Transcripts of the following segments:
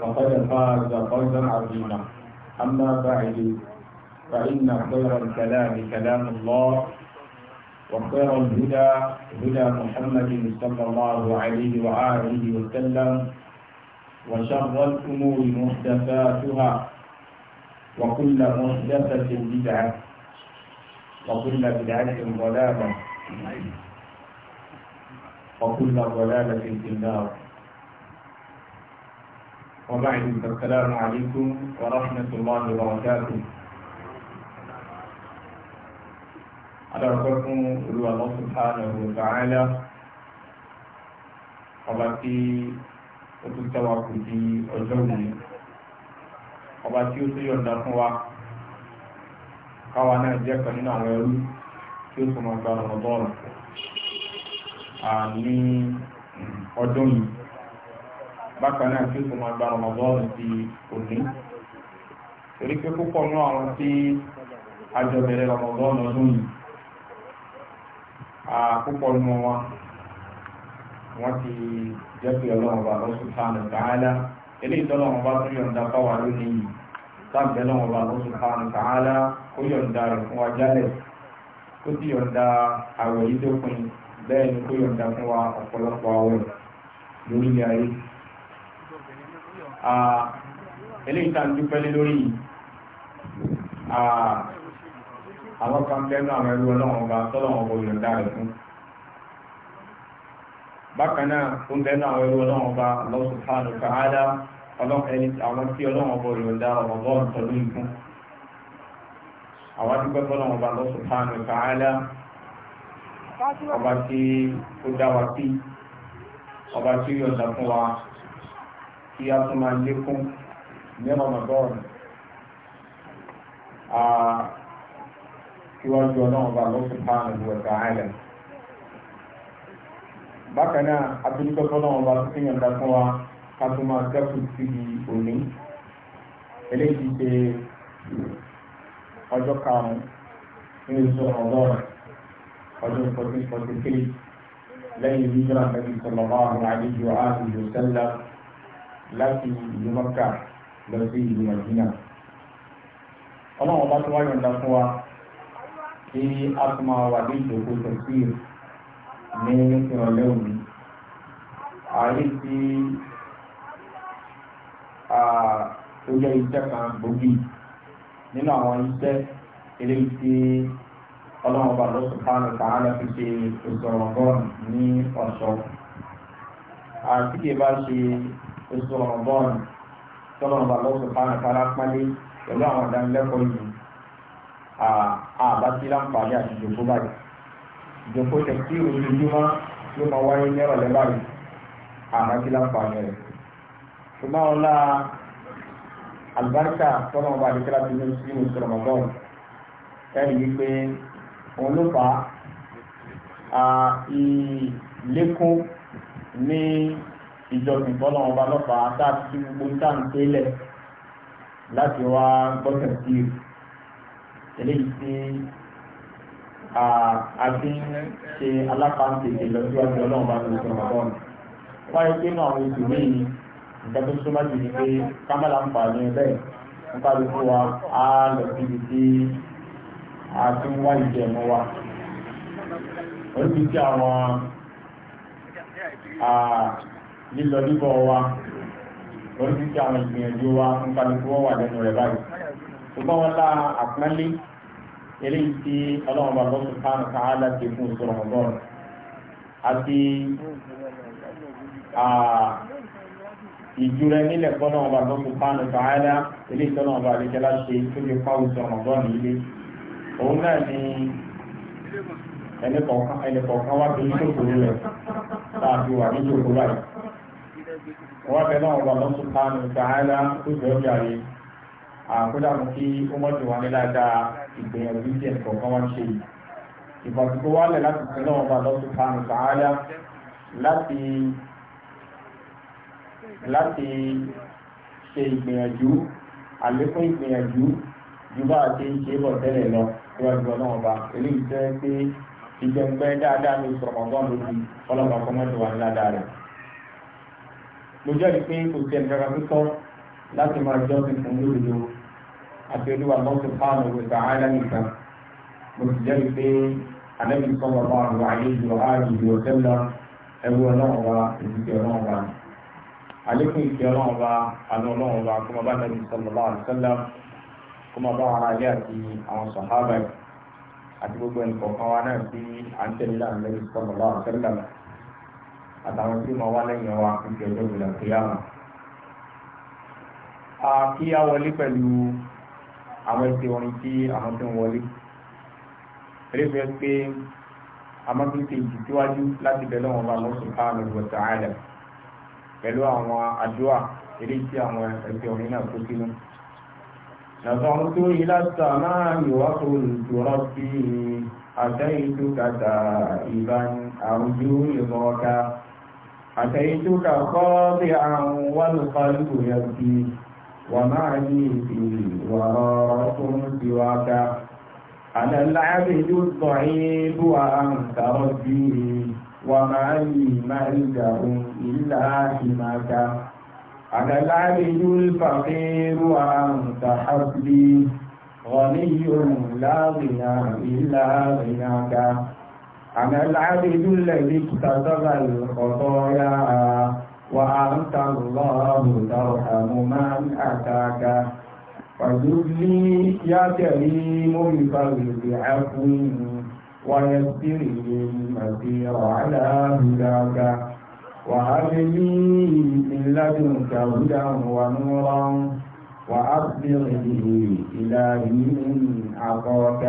فقد فاز فوزا عظيما أما بعد فإن خير الكلام كلام الله وخير الهدى هدى محمد صلى الله عليه وآله وسلم وشر الأمور محدثاتها وكل محدثة بدعة وكل بدعة ضلالة وكل ضلالة في النار وبعد السلام عليكم ورحمة الله وبركاته adarọ̀kọ́kún olúwa Allah subhanahu wa ta'ala ọba tí ó tún tẹ́wà kù di ọjọ́ òní ọba tí ó tún yọ̀ǹda fún wa káwa náà jẹ́ kan nínú àwọn ẹrú tí ó tún máa gba ọ̀rọ̀ bọ́ọ̀lù ní ọdún yìí bákan náà tí ó tún máa gba ọmọdọ́ọ̀nù ti òní torí pé púpọ̀ náà àwọn tí àjọ bẹ̀rẹ̀ ọmọdọ́ọ̀nù ọdún yìí púpọ̀ nínú wọn wọ́n ti jẹ́ pé ọlọ́run bá lọ́sùn sáànù tààlà eléyìí tọ́lọ́run bá tún yọ̀ǹda fáwà lónìí yìí sáàbẹ̀ lọ́run bá lọ́sùn sáànù tààlà ó yọ̀ǹda rẹ̀ fún wa jálẹ̀ ó sì yọ̀ǹda àwẹ̀ yìí tó pin bẹ́ẹ̀ ni kó yọ̀ǹda fún wa ọ̀pọ̀lọpọ̀ àwẹ̀ lórílẹ̀ ayé eléyìí tá ń dúpẹ́ lé lórí àwọn kan lẹ́nu àwọn ẹrú ọlọ́run ọba tọ́lọ́run ọba olùdá rẹ̀ fún bákan náà ó ń bẹ́nu àwọn ẹrú ọlọ́run ọba Allah subhanahu wa ta'ala àwọn tí ọlọ́run ọba olùdá ọ̀rọ̀ bọ́ọ̀lù tọ́lú ìfún àwọn adúgbò tọ́lọ́run ọba Allah subhanahu wa ta'ala ọba tí ó dá wa sí ọba tí ó yọ̀ọ̀dà fún wa kí a tún máa lékún ní ọmọdọ́rùn síwájú ọlọ́run bá lọ́sùn páànù ìwọ̀ ẹ̀ka island bákan náà abílíkọ́ tọ́lọ́run bá tún yàn dá fún wa ká tún máa dẹ́kun sí i òní eléyìí ṣe ọjọ́ karùn-ún ní oṣù ọgọ́rùn-ún ọdún fourteen forty three lẹ́yìn ìlú ìjọba àgbẹ̀bí sọ̀rọ̀ bá àwọn àlejò ààrùn ìjọ sẹ́lẹ̀ láti ìlú mọ́kà lọ sí ìlú mọ̀jìnà ọlọ́run bá tún wá yọ̀ǹda fún wa kí a tún máa wà ní ìjókòó tẹ̀síìr ní ìrọ̀lẹ́ òní ààrẹ tí ó jẹ́ iṣẹ́ kan gbòógì nínú àwọn iṣẹ́ eléyìí tí ọlọ́run bá lọ subhanahu wa ta'ala fi ṣe ìsọ̀rọ̀ gọ́ọ̀nù ní ọ̀ṣọ́ àti kì í bá ṣe oṣù rọ̀bọ́n tọ́lọ̀ bá lọ́sọ̀ fáwọn ìfara pálí pẹ̀lú àwọn ìdánilẹ́kọ̀ọ́ yìí àbá sí láǹfààní àti ìjòkó báyìí ìjòkó tẹ̀sí ojoojúmọ́ yóò máa wáyé ní ọ̀rọ̀lẹ́ báyìí àbá sí láǹfààní rẹ̀ ṣùgbọ́n ọlá àlùbáríkà tọ́lọ̀ bá àdékẹ́lá ti ní oṣù rọ̀bọ́n ẹ̀rí wípé òun ló fà á ìlékún ní ìjọsìn bọ́lá ọba lọ́fàá dáàbí tí gbogbo ń tà ń tẹ́lẹ̀ láti wá gbọ́sẹ̀ sí i eléyìí tí a ti ń ṣe alápáǹtẹ̀tẹ̀ lọ́síwájú ọlọ́run bá ti sọ bàbá mi wáyé pé náà àwọn ètò mí ni nǹkan tó súnmọ́ jù ni pé kámẹ́là ń pa ní bẹ́ẹ̀ nípa gbogbo wa á lọ síbi tí a ti ń wá ìjẹ̀mú wa oríṣiríṣi àwọn lílọ líbọ̀ wa lórí títí àwọn ìgbìyànjú wa ń kálukú wọ́n wà lẹ́nu rẹ̀ báyìí ṣùgbọ́n wọn lá àpọ́nlé eléyìí tí ọlọ́run bá lọ́sùn fáànù káàlá ti fún ìṣòro ọgọ́rùn àti ìjúra nílẹ̀ fọ́nà ọba lọ́sùn fáànù káàlá eléyìí tọ́nà ọba àdékẹ́lá ṣe tó fi pa ìṣòro ọgọ́rùn ilé òun náà ni ẹnìkọ̀ọ̀kan wá sí ìṣòro rẹ̀ tá a fi wà ní ìṣòro báyìí wọ́n bẹ̀ lọ́wọ́ bàbá subhanahu wa ta'ala tó jẹ́ ọjà rí àkódà mú kí ó mọ́jú wa ní dáadáa ìgbìyànjú tí ẹnì kọ̀ọ̀kan wá ń ṣe yìí ìbọ̀dùkú wálẹ̀ láti sin lọ́wọ́ bàbá subhanahu wa ta'ala láti láti ṣe ìgbìyànjú àlékún ìgbìyànjú ju bá a ti ń ṣe bọ̀ tẹ́lẹ̀ lọ síwájú ọlọ́run ba eléyìí tẹ́ pé ìjẹun pẹ́ dáadáa ní sọ̀rọ̀ ọgbọ́n lórí ọlọ́run ọkọ̀ mọ́tò wà ní ládàá rẹ̀ mo jẹ́rìí pé kò sí ẹnìkan kan tó láti máa jọ́ sí fún lódodo àti olúwa lọ́sùn fáànù ìgbà áyá nìkan mo sì jẹ́rìí pé alẹ́bí sọ́wọ́ bá àwọn àyè ìlú ààrẹ ìlú ọ̀tẹ́lá ẹrú ọlọ́run wa ìdíje ọlọ́run wa àlékún ìfẹ́ ọlọ́run wa àná ọlọ́run wa kó máa bá alẹ́bí sọ́wọ́ bá àlùsọ́lá kó máa bá ara ilé àti àwọn sàhábà àti gbogbo ẹnì wa náà sí à ń tẹ̀lé láàrin lẹ́bí sọ́wọ́ àtàwọn tí mo wá lẹ́yìn wa kò fi ọjọ́ ìgbìlẹ̀ kéyàmù. a kí a wọlé pẹ̀lú àwọn ẹsẹ̀ orin tí àwọn tó ń wọlé. eléyìí fi pé a máa fi tèjì síwájú láti bẹ̀ lọ́wọ́ bá lọ́sù káàmì ìwọ̀sà àìlẹ̀ pẹ̀lú àwọn àdúrà eléyìí tí àwọn ẹsẹ̀ orin náà kó sínú. نظرت إلى السماء وقلت ربي أتيتك تائبا أرجو رضاك أتيتك خاضعا والقلب يبكي وما لي في وراءكم سواك أنا العبد الضعيف وأنت ربي وما لي ملجأ إلا حماك أنا العبد الفقير وأنت حبي غني لا غنى إلا غناك أنا العبد الذي اكتسب الخطايا وأنت الله ترحم من أتاك فذلي يا كريم القلب عفو ويسر لي المسير على هداك وهب لي من لدنك هدى ونورا وأصبر به إلهي من عطاك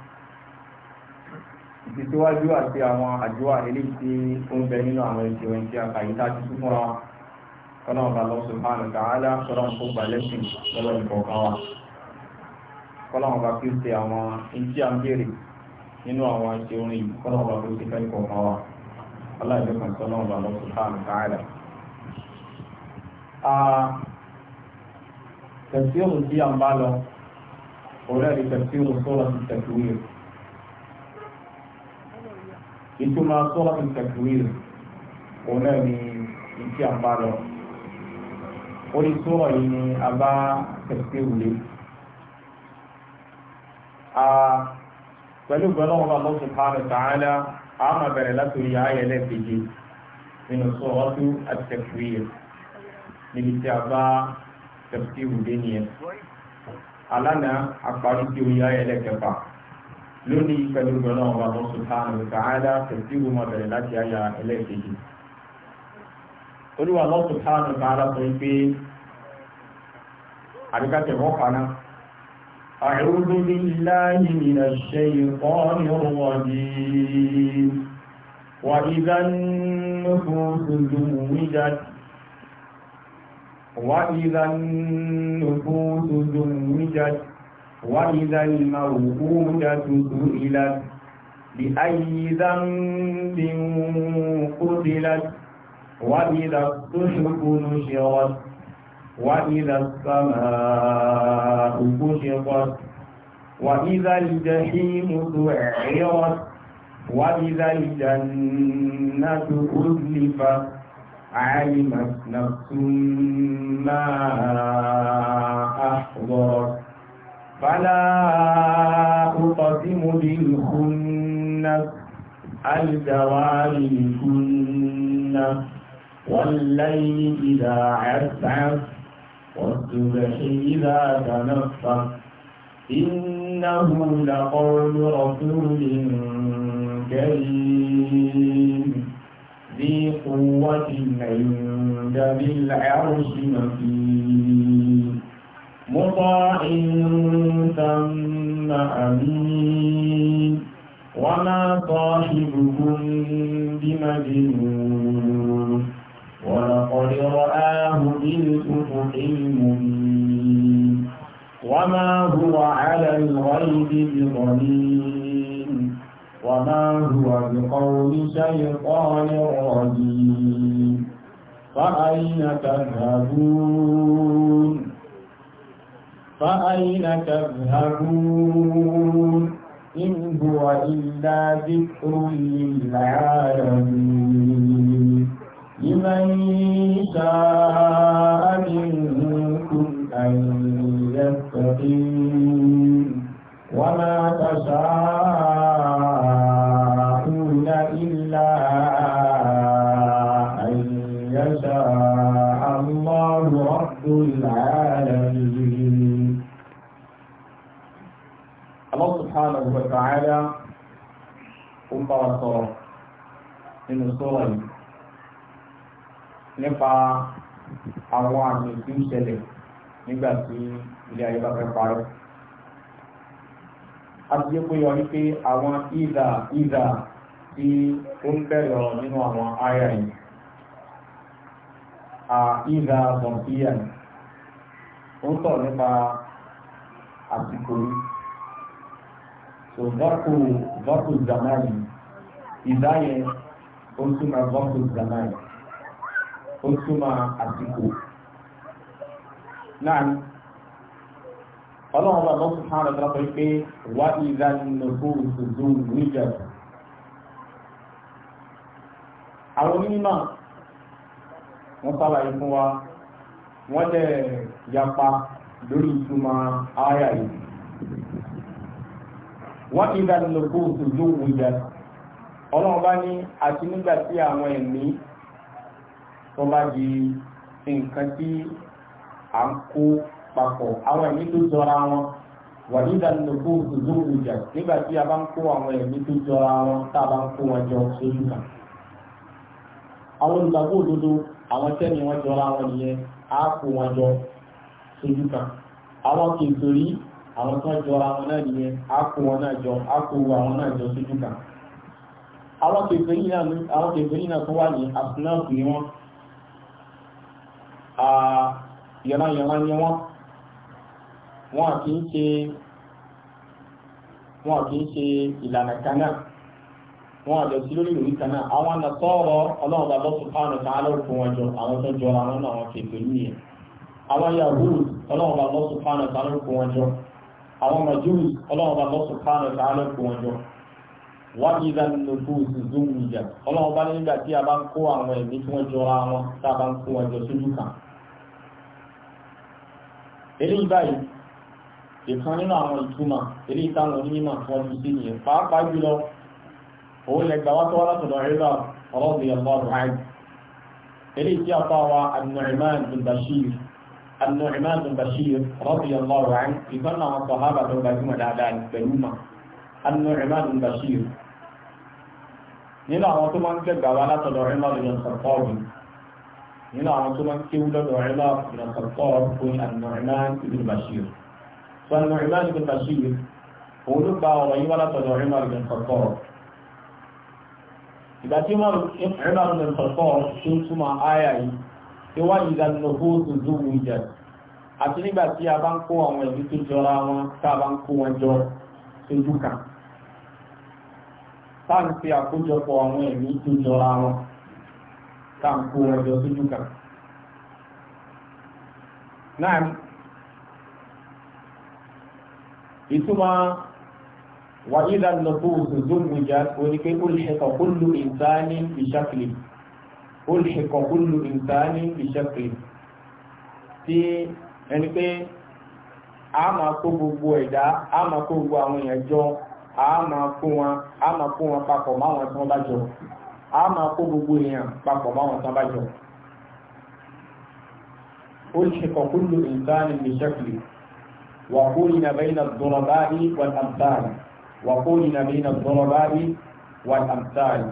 ìtẹ̀síwájú àti àwọn àjọwà eléyìí tí ó ń bẹ nínú àwọn ìṣe ohun tí a kà yí tájú fún wa kọ́nà ọba lọ subhanahu wa ta'ala sọ́dọ̀ ń kó gbà lẹ́sìn lọ́dọ̀ ìkọ̀ọ̀kan wa kọ́nà ọba kí ó ṣe àwọn ìṣe à ń béèrè nínú àwọn ìṣe orin yìí kọ́nà ọba kí ó ṣe fẹ́ ìkọ̀ọ̀kan wa aláìjọ sọ́nà ọba lọ subhanahu wa ta'ala. tẹ̀síwò ìtumọ̀ sọ́lá ti tẹ̀kùwìrì òun náà ni ìtí àpá lọ orí sọ́rọ̀ yìí ni a bá tẹ̀síwì lé pẹ̀lú gbọ́dọ̀ wọn lọ́wọ́ subhanahu wa ta'ala a máa bẹ̀rẹ̀ látòrí ayẹlẹ́ kejì nínú sọ́rọ̀ tó àtẹ̀kùwìrì níbi tí a bá tẹ̀síwì lé alánà àparí tí ó yá ẹlẹ́kẹ̀fà lónìí pẹ̀lú gbọ́dọ̀ ọba bọ́ subhanahu wa ta'ala tẹ̀síwò máa bẹ̀rẹ̀ láti àyà ẹlẹ́ẹ̀kejì. olúwa Allah subhanahu wa ta'ala sọ pé àdìgbàtẹ̀ wọ́n pa náà. أعوذ بالله من الشيطان الرجيم وإذا النفوس زوجت وإذا النفوس زوجت وإذا الموءودة سئلت بأي ذنب قتلت وإذا الصحف نشرت وإذا السماء كشطت وإذا الجحيم سعرت وإذا الجنة أزلفت علمت نفس ما أحضرت فلا أقسم بالخنة الجوار الكنس والليل إذا عسعس والصبح إذا تنفس إنه لقول رسول كريم ذي قوة عند بالعرش مكين مطاع ثم أمين وما صاحبكم بمجنون ولقد رآه بالأفق المبين وما هو على الغيب بضنين وما هو بقول شيطان رجيم فأين تذهبون فأين تذهبون إن هو إلا ذكر للعالمين لمن شاء منكم أن يستقيم وما تشاءون إلا أن يشاء الله رب العالمين subhanahu wa ta'ala ó ń bá wa sọ̀rọ̀ nínú sọ́rọ̀ yìí nípa àwọn àmì tí ń ṣẹlẹ̀ nígbà tí ilé ayé bá fẹ́ parẹ́. a ti jẹ́ pé yọ ní so vọ́pù vọ́pù zamani ìdá yẹn ó túmọ̀ vọ́pù zamani ó túmọ̀ àsìkò náà ọlọ́run bá lọ́sùn hàn lọ́dọ́ pé pé wá ìdá nìkú ìṣòdò níjà àwọn onímọ̀ wọ́n sàlàyé fún wa wọ́n lè yapa lórí ìtumọ̀ àyà yìí wọ́n ìdá nìlòkó òtòjó wùjá ọlọ́run bá ní àti nígbà tí àwọn ẹ̀mí tó bá di nǹkan tí à ń kó papọ̀ àwọn ẹ̀mí tó jọra wọn wọ́n ìdá nìlòkó òtòjó wùjá nígbà tí a bá ń kó àwọn ẹ̀mí tó jọra wọn tá a bá ń kó wọn àwọn tó jọra wọn náà nìyẹn ákò wọn náà jọ ákò àwọn náà jọ sójú kan àwọn kèfèrí náà tó wà ní ni wọ́n yànnáyànná ni wọ́n wọ́n kì í ṣe ṣe ìlànà kan náà wọ́n àjọ sí lórí ìròyìn kan náà àwọn anàtọ́ọ̀rọ̀ ọlọ́run bàbá subhanahu wa ta'ala wọn jọ àwọn tó náà wọn àwọn àwọn majus ọlọ́ọ̀bá lọ́sùn na tààlọ́ kó wọn wọ́n ní nnukwu nínú ọlọ́ọ̀bá nígbà tí a bá ń kó àwọn ẹ̀mí tí wọ́n jọra wọn tá a bá ń kó wọn sójú kan eléyìí báyìí ìkan nínú àwọn ìtumọ̀ eléyìí táwọn onímọ̀ tí wọ́n ti sí nìyẹn pàápàá jùlọ òun wá látọ̀dọ̀ eléyìí tí النعمان بن بشير رضي الله عنه يقنع الصحابة بجمع الأدان بلومة النعمان بن بشير نلا عطمان كجوالة دعيمة بن الخطاب نلا عطمان كولة دعيمة بن الخطاب هو النعمان بن بشير فالنعمان بن بشير هو نبا وليولة دعيمة بن الخطاب إذا تمر عمر بن ìwà ìdánilòfó tó zúwú jẹ àti nígbà tí a bá ń kó àwọn ẹ̀mí tó jọra wọn tá a bá ń kó wọn jọ sójú kan tá à ń fi àkójọpọ̀ àwọn ẹ̀mí tó jọra wọn tá à kó wọn jọ sójú kan náà ìtumọ̀ wà ìdánilòfó tó zúwú jẹ oníkẹ́kọ̀ọ́ ìṣẹ́kọ̀ọ́ kúlù ìsáni ìṣàkìlì olùṣèkọ kúlù ìsáni ìṣẹ́pẹ̀ tí ẹni pé a máa kó gbogbo ẹ̀dá a máa kó gbogbo àwọn èèyàn jọ a máa kó wọn a máa kó wọn papọ̀ máwọn tán bá jọ a máa kó gbogbo èèyàn papọ̀ máwọn tán bá jọ olùṣèkọ kúlù ìsáni ìṣẹ́pẹ̀ wà kó ní abẹ́yìn àdúrà báyìí wà tàbí wà kó ní abẹ́yìn àdúrà báyìí wà tàbí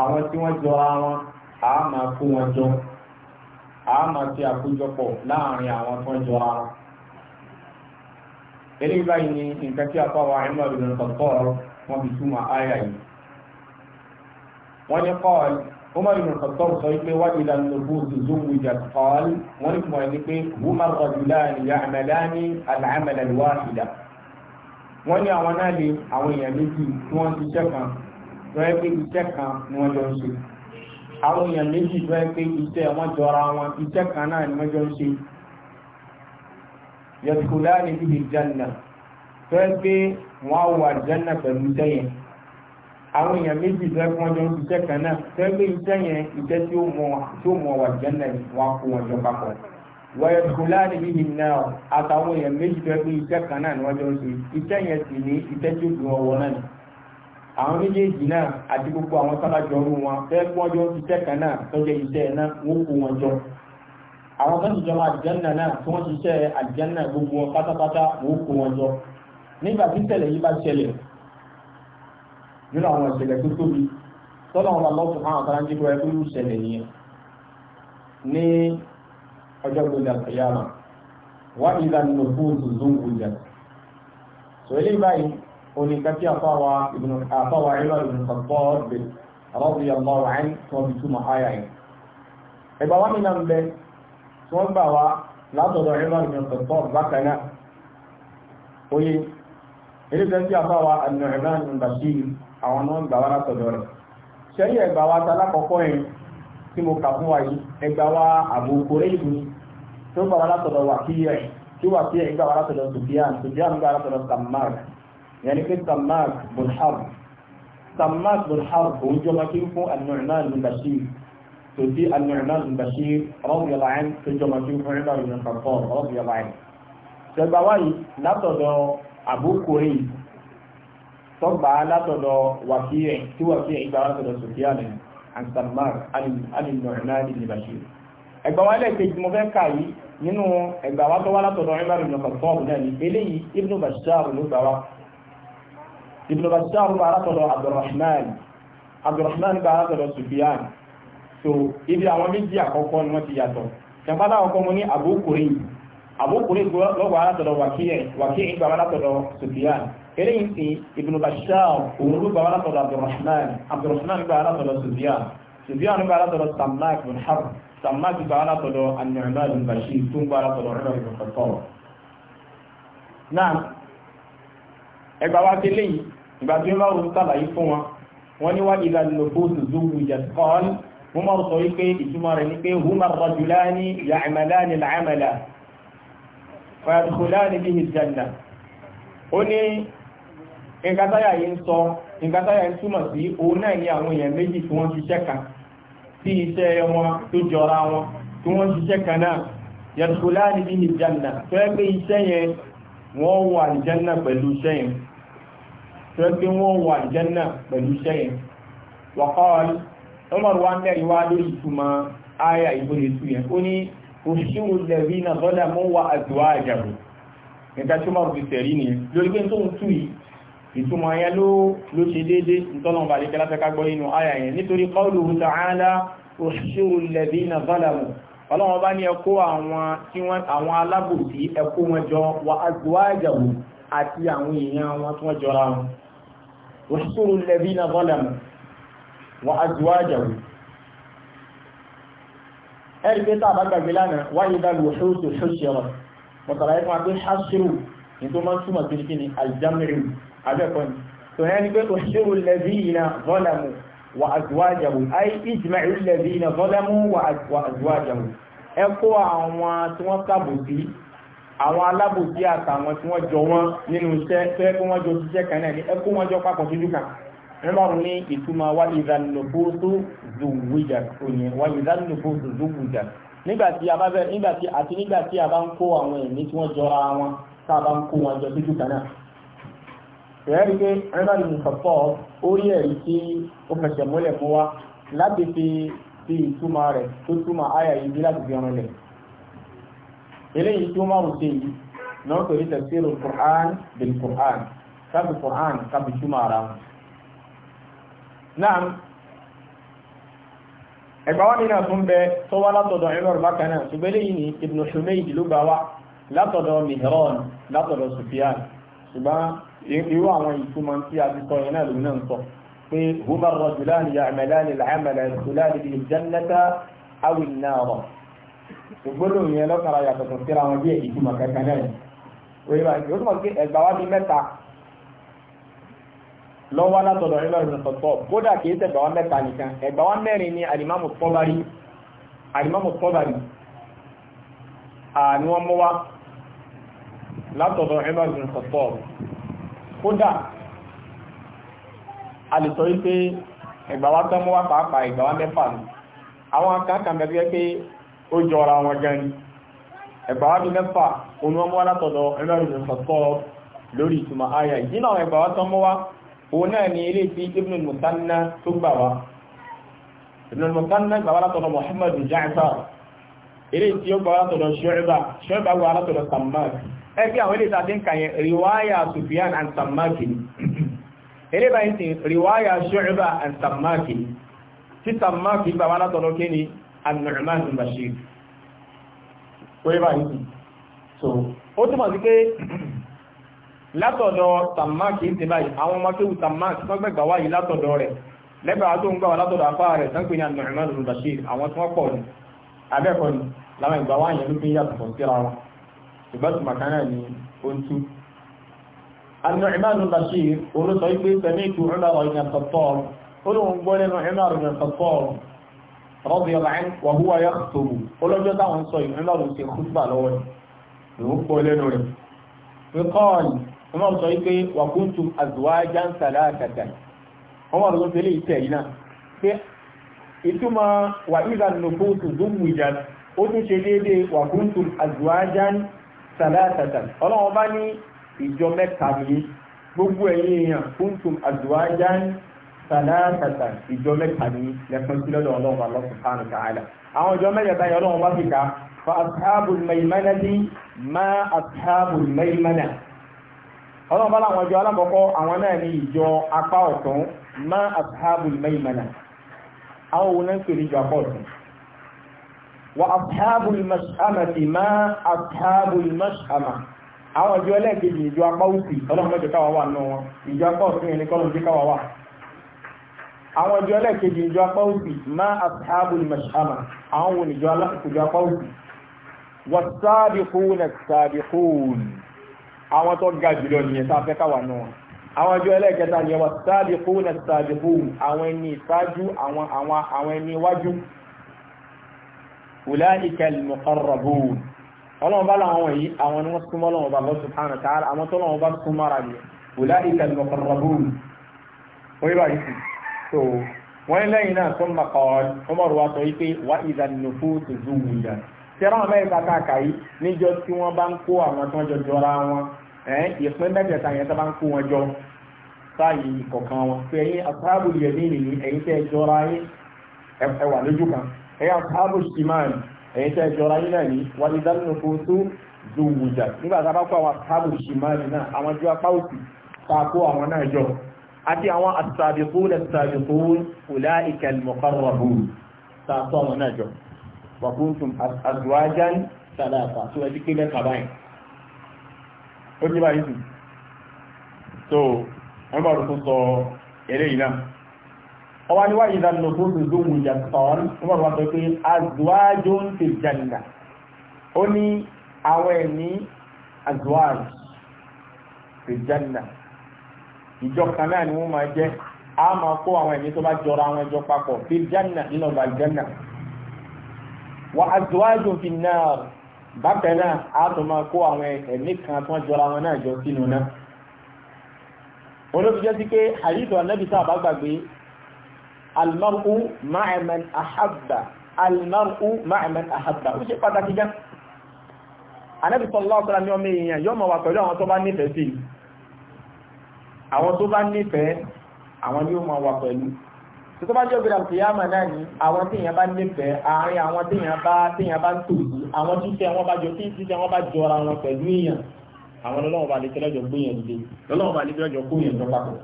àwọn tí wọ́n jọra wọn a máa kó wọn jọ a máa fi àkójọpọ̀ láàrin àwọn tó ń jọ ara eléyìí báyìí ni nǹkan tí apá wa ẹ̀mọ́ ìlú kọ̀ọ̀kọ́ wọn fi túmọ̀ àyà yìí wọ́n ní kọ́ọ̀lù umar ibn khattab sọ pé wá ìlà nubuutu zuwijat qal wọn ní kùmọ̀ ní pé umar rajulani ya'malani al'amala alwahida wọn ní àwọn náà lè àwọn èèyàn méjì tí wọ́n ti iṣẹ́ kan tó yẹ pé iṣẹ́ kan ni wọ́n jọ ń ṣe àwọn èèyàn méjì tó ẹ pé iṣẹ́ wọn jọra wọn iṣẹ́ kan náà ni wọ́n jọ ń ṣe yẹtùkúlá ní ibi jẹ́nà tó ẹ pé wọ́n wà jẹ́nà pẹ̀lú iṣẹ́ yẹn àwọn èèyàn méjì tó ẹ pé wọ́n jọ ń ṣiṣẹ́ kan náà tó ẹ pé iṣẹ́ yẹn iṣẹ́ tí ó mọ wà jẹ́nà ni wọ́n kó wọn jọ papọ̀ wọ́yẹ̀dùkúlá ní ibi náà àtàwọn èèyàn méjì tó pé iṣẹ́ kan náà ni wọ́n jọ ń ṣe iṣẹ́ yẹn sì ní iṣẹ́ tí ó fi wọn wọ náà àwọn méjèèjì náà àti gbogbo àwọn sábàjọ ọrùn wọn fẹ́ wọ́n jọ ṣiṣẹ́ kan náà tó jẹ́ iṣẹ́ náà wọ́n kó wọn jọ àwọn tó ṣiṣẹ́ àjẹ́nà náà tí wọ́n ṣiṣẹ́ àjẹ́nà gbogbo wọn pátápátá wọ́n kó wọn jọ nígbà tí ìṣẹ̀lẹ̀ yìí bá ṣẹlẹ̀ nínú àwọn ìṣẹ̀lẹ̀ tó tóbi tọ́lá wọn lọ fún àwọn àtàrà jíkọ ẹgbẹ́ yóò ṣẹlẹ̀ nìyẹn ní ọjọ́ gbogbo àtàyàmà wá ìlànà fún òṣùṣù òjò sọ oníkàtí àfáwà ìlọ ìbùn kọ̀tọ́ọ̀bẹ̀ rọ́bì ọlọ́wà ń tọ́ bí túmọ̀ àyà yìí ẹgbà wá nínú ẹ̀ tí wọ́n gbà wá látọ̀dọ̀ ìlọ ìbùn kọ̀tọ́ọ̀bẹ̀ bákan náà oye elékàtí àfáwà ànàìmán ìbàṣí àwọn náà gbà wá látọ̀dọ̀ rẹ̀ sẹ́yìn ẹgbà wá talákọ̀ọ́kọ́ yẹn tí mo kà fún wa yìí ẹgbà wá àbòkò rẹ̀ yìí tó gbà yẹni pé samak bulhar samak bulhar òun jọba kí n fún al-Nu'man bin Bashir tó sí al-Nu'man bin Bashir radiyallahu anhu tó jọba kí n fún Umar bin Khattab radiyallahu anhu. ṣẹgbà wáyé látọ̀dọ̀ Abu Kurayb tọ́gbà látọ̀dọ̀ wàfíẹ̀ tí wàfíẹ̀ ìgbà látọ̀dọ̀ Sufyan and samak al-Nu'man bin Bashir ẹgbà wa lẹ́ẹ̀kejì mo fẹ́ kà yìí nínú ẹgbà wa tó wá látọ̀dọ̀ Umar bin Khattab eléyìí Ibn Bashar ibn bashar baratọ̀dọ̀ abdulrahman abdulrahman baratọ̀dọ̀ sufiyan so ibi àwọn méjì àkọ́kọ́ ni wọ́n ti yàtọ̀ ṣẹ̀fádà àkọ́kọ́ mo ní àbókùnrin àbókùnrin lọ́wọ́ baratọ̀dọ̀ wàkíyẹ̀ ìgbà baratọ̀dọ̀ sufiyan eléyìí sí ibn bashar òun ló baratọ̀dọ̀ abdulrahman abdulrahman baratọ̀dọ̀ sufiyan sufiyan baratọ̀dọ̀ samnak bin harb samnak baratọ̀dọ̀ an-nu'man bin bashir tún baratọ̀dọ̀ umar bin khattab náà ẹgbàá wa ti léyìí ìgbà tí Umaru sàlàyé fún wọn wọ́n ní wá ìlà lòbóòsù zúwù jẹ́kọ́ọ́n Umaru sọ wípé ìtumọ̀ rẹ̀ ní pé huma rajulani ya'malani al-amala fayadkhulani bihi al-janna ó ní nǹkan yìí sọ wọ́n ṣiṣẹ́ kan náà pẹ̀lú iṣẹ́ tó ń pé wọ́n wà jẹ́nà pẹ̀lú iṣẹ́ yẹn wàkọ́ọ̀lì Umar wa mẹ́rin wá lórí ìtumọ̀ àyà ìbòlè tu yẹn ó ní òṣìṣẹ́ lẹ́rí náà lọ́dà mọ́ wà àdúrà àjàbò nǹkan tí Umar fi tẹ̀rí ni lórí pé tó ń tú yìí ìtumọ̀ yẹn ló ló ṣe déédéé ntọ́nà balẹ̀ kẹlá fẹ́ ká gbọ́ nínú àyà bá ní ẹkó àwọn alábòsí ẹkó wọn jọ wà àdúrà àjàbò àti àwọn èèyàn wọn tí wọ́n jọra wọn واحصروا الذين ظلموا وأزواجه ẹ̀rìgbé tàbá gbàgbé lánàá wáyé dá lòṣó tó ṣóṣẹ́rọ̀ mọ̀tàlá ẹ̀kùn àti ṣáṣírù ní tó máa túnmọ̀ sí ní aljamiru abẹ́kọ̀ni tó yẹ́ ni pé tó ṣírù lẹ́bí iná zọ́lámù wà àzúwájàwò ay ìjìmẹ̀rù lẹ́bí iná zọ́lámù wà àzúwájàwò ẹkọ́ àwọn tí wọ́n kábò sí àwọn alábòsí àtàwọn tí wọ́n jọ wọ́n nínú iṣẹ́ tó yẹ kó wọ́n jọ ṣiṣẹ́ kan náà ní ẹ kó wọ́n jọ papọ̀ sójú kan ọlọ́run ní ìtumọ̀ wá ìdánilòfóso zòwújà òní wá ìdánilòfóso zòwújà nígbàtí a bá bẹ̀rẹ̀ nígbàtí àti a bá ń kó àwọn ẹ̀mí tí wọ́n jọra wọn tá a bá ń kó wọn jọ sójú kan náà rẹ̀ ìtumọ̀ rẹ̀ tó túmọ̀ áyà yìí fi ọ̀rọ̀ lẹ̀ eléyìí tí ó máa rùsẹ̀ yìí náà pẹ̀lú tafsiru Qur'an bil Qur'an kábi Qur'an kábi túmọ̀ ara wọn. náà ẹgbà wọn nínú àtún bẹ tó wá látọ̀dọ̀ Umar bákan náà ṣùgbọ́n eléyìí ni Ibn Humayd ló gbà wá látọ̀dọ̀ Mihran látọ̀dọ̀ Sufyan ṣùgbọ́n irú àwọn ìtumọ̀ tí a ti sọ yẹn náà lòun náà ń sọ pé huma rajulani ya'malani al-amala yadkhulani bihi al ògbóló yẹn lọ́kàrà yàtọ̀ tó síra wọn díẹ̀ ìtumọ̀ kankan náà yẹn òye bá yóò túmọ̀ sí ẹgbà wá bí mẹ́ta lọ́wọ́ látọ̀dọ̀ nínú ìrìn tọ̀tọ̀ kódà kìí ṣẹgbà wá mẹ́ta nìkan ẹgbà wá mẹ́rin ni alimamu tọ́bari alimamu tọ́bari àni wọ́n mú wá látọ̀dọ̀ nínú ìrìn tọ̀tọ̀ kódà a lè sọ wípé ẹgbà wá tán mú wá pàápàá ẹgbà wá mẹ́fà ni àwọn akẹ́kọ̀ọ́ mẹ́fẹ́ pé ó jọra wọn gan ni ẹgbàá bí mẹ́fà onú ọmọ látọ̀dọ̀ ẹlẹ́rìí sọ̀tọ̀ lórí ìtumọ̀ ayà yìí náà ẹgbàá tó mọ́ wá òun náà ni ilé tí ibn al-musanna tó gbà wá ibn al-musanna gbà wá látọ̀dọ̀ muhammadu ja'far ilé tí ó gbà wá látọ̀dọ̀ shu'ba shu'ba wá látọ̀dọ̀ sammak ẹgbẹ́ àwọn ilé tàbí An-Nu'man bin Bashir wíwá yìí so ó túmọ̀ sí pé látọ̀dọ̀ Sammak ń tẹ báyìí àwọn ọmọ kéwù Sammak tó gbẹ̀gbà wá yìí látọ̀dọ̀ rẹ̀ lẹ́gbàá tó ń gbà wá látọ̀dọ̀ afá rẹ̀ tó ń pè ní An-Nu'man bin Bashir àwọn tí wọ́n pọ̀ ní abẹ́kọ̀ọ́ ni láwọn ìgbà wá yẹn ló fi yàtọ̀ fún síra wọn ìgbà tó màkà náà ni ó ń tú An-Nu'man bin Bashir olóṣọ́ yìí pé sẹ́mi ìtù Umar ibn rọ́bì ọba ẹ̀ wàhúwà yọ tòbù olójọ́ táwọn sọ ìlú lọ́rùn ṣe kútùbà lọ́wọ́ ló ń pọ̀ lẹ́nu rẹ̀ pé kọ́ọ̀lì wọ́n máa sọ wípé wàkúntù àzùwájá ń sàlá àkàtà wọ́n máa lọ́gbọ́n tẹ́lẹ̀ ìtẹ̀ yìí náà pé ìtumọ̀ wà ìgbà sàlásàtà ìjọ mẹ́ta ní lẹ́kùn sí lọ́dọ̀ ọlọ́run wa lọ́sùn fáànù káàlà àwọn ìjọ mẹ́ta yẹn ọlọ́run wá fìkà fa ashabul maimana ní má ashabul maimana ọlọ́run bá láwọn ìjọ alákọ̀ọ́kọ́ àwọn náà ní ìjọ apá ọ̀tún má ashabul maimana àwọn òun náà ń pè ní ìjọ apá ọ̀tún wa ashabul mash'amati má ashabul mash'ama àwọn ìjọ ẹlẹ́ẹ̀kejì ìjọ apá òsì ọlọ́run mẹ́jọ àwọn ìjọ ẹlẹ́ẹ̀kejì ìjọ apá òsì máa ashabul mashama àwọn òun ìjọ alákòókò ìjọ apá òsì wasabiqun as-sabiqun àwọn tó ga jùlọ nìyẹn tá a fẹ́ káwà náà àwọn ìjọ ẹlẹ́ẹ̀kẹta ni wasabiqun as-sabiqun àwọn ẹni ìṣáájú àwọn ẹni iwájú ulaika al-muqarrabun ọlọ́run bá láwọn yìí so wọ́n ní lẹ́yìn náà tún makọ́ọ̀lù Umar wa sọ wípé wá ìdánilòfó tó zúwù ìyá tẹ́rọ amẹ́ríkà káàkiri níjọ tí wọ́n bá ń kó àwọn tó ń jọ jọra wọn ìpín mẹ́tẹ̀ẹ̀ta yẹn tó bá ń kó wọn jọ sáàyè ìkọ̀kan wọn pé jọra yín lójú kan ẹ̀yin asáàbù simán ẹ̀yin jọra yín náà ní wà tó nígbà tá a bá kó àwọn náà àwọn àti àwọn as-sabiqun as-sabiqun ulaika al-muqarrabun sàtọ́ wọn náà jọ wa kuntum azwajan sàdáàfà tó ẹjí pé mẹ́ta báyìí ó ní báyìí sùn so wọ́n bá rùkú sọ eré ìná ọwá ní wáyé ìdánilò tó sì ló wọ́n bá rùkú sọ pé azwajun fil janna ó ní àwọn ẹ̀mí azwaj fil janna ìjọ kan náà ni wọ́n máa jẹ́ a máa kó àwọn ẹ̀mí tó bá jọra àwọn ẹjọ́ papọ̀ fi janna nínú ọgbà janna wa azwajun fi nar bákan náà a tún máa kó àwọn ẹ̀mí kan tó jọra àwọn náà jọ sínú náà olóbi jẹ́ sí pé àyíkò anábìsá àbágbàgbé almaru ma'aman ahabba almaru ma'aman ahabba ó ṣe pàtàkì gan anábìsọ̀ lọ́ọ̀tọ́ra ní ọmọ èèyàn yọ́ mọ̀ wà àwọn tó bá nífẹ̀ẹ́ àwọn ni ó máa wà pẹ̀lú tó bá jẹ́ òbíra kìyàmà náà ni àwọn téèyàn bá nífẹ̀ẹ́ àárín àwọn téèyàn bá téèyàn bá ń tò àwọn títẹ wọn bá jọ tí wọn bá jọra wọn pẹ̀lú èèyàn àwọn lọ́lọ́wọ́ bá lè tẹ́lẹ̀jọ gbóyàn dìde lọ́lọ́wọ́ bá lè tẹ́lẹ̀jọ gbóyàn jọ papọ̀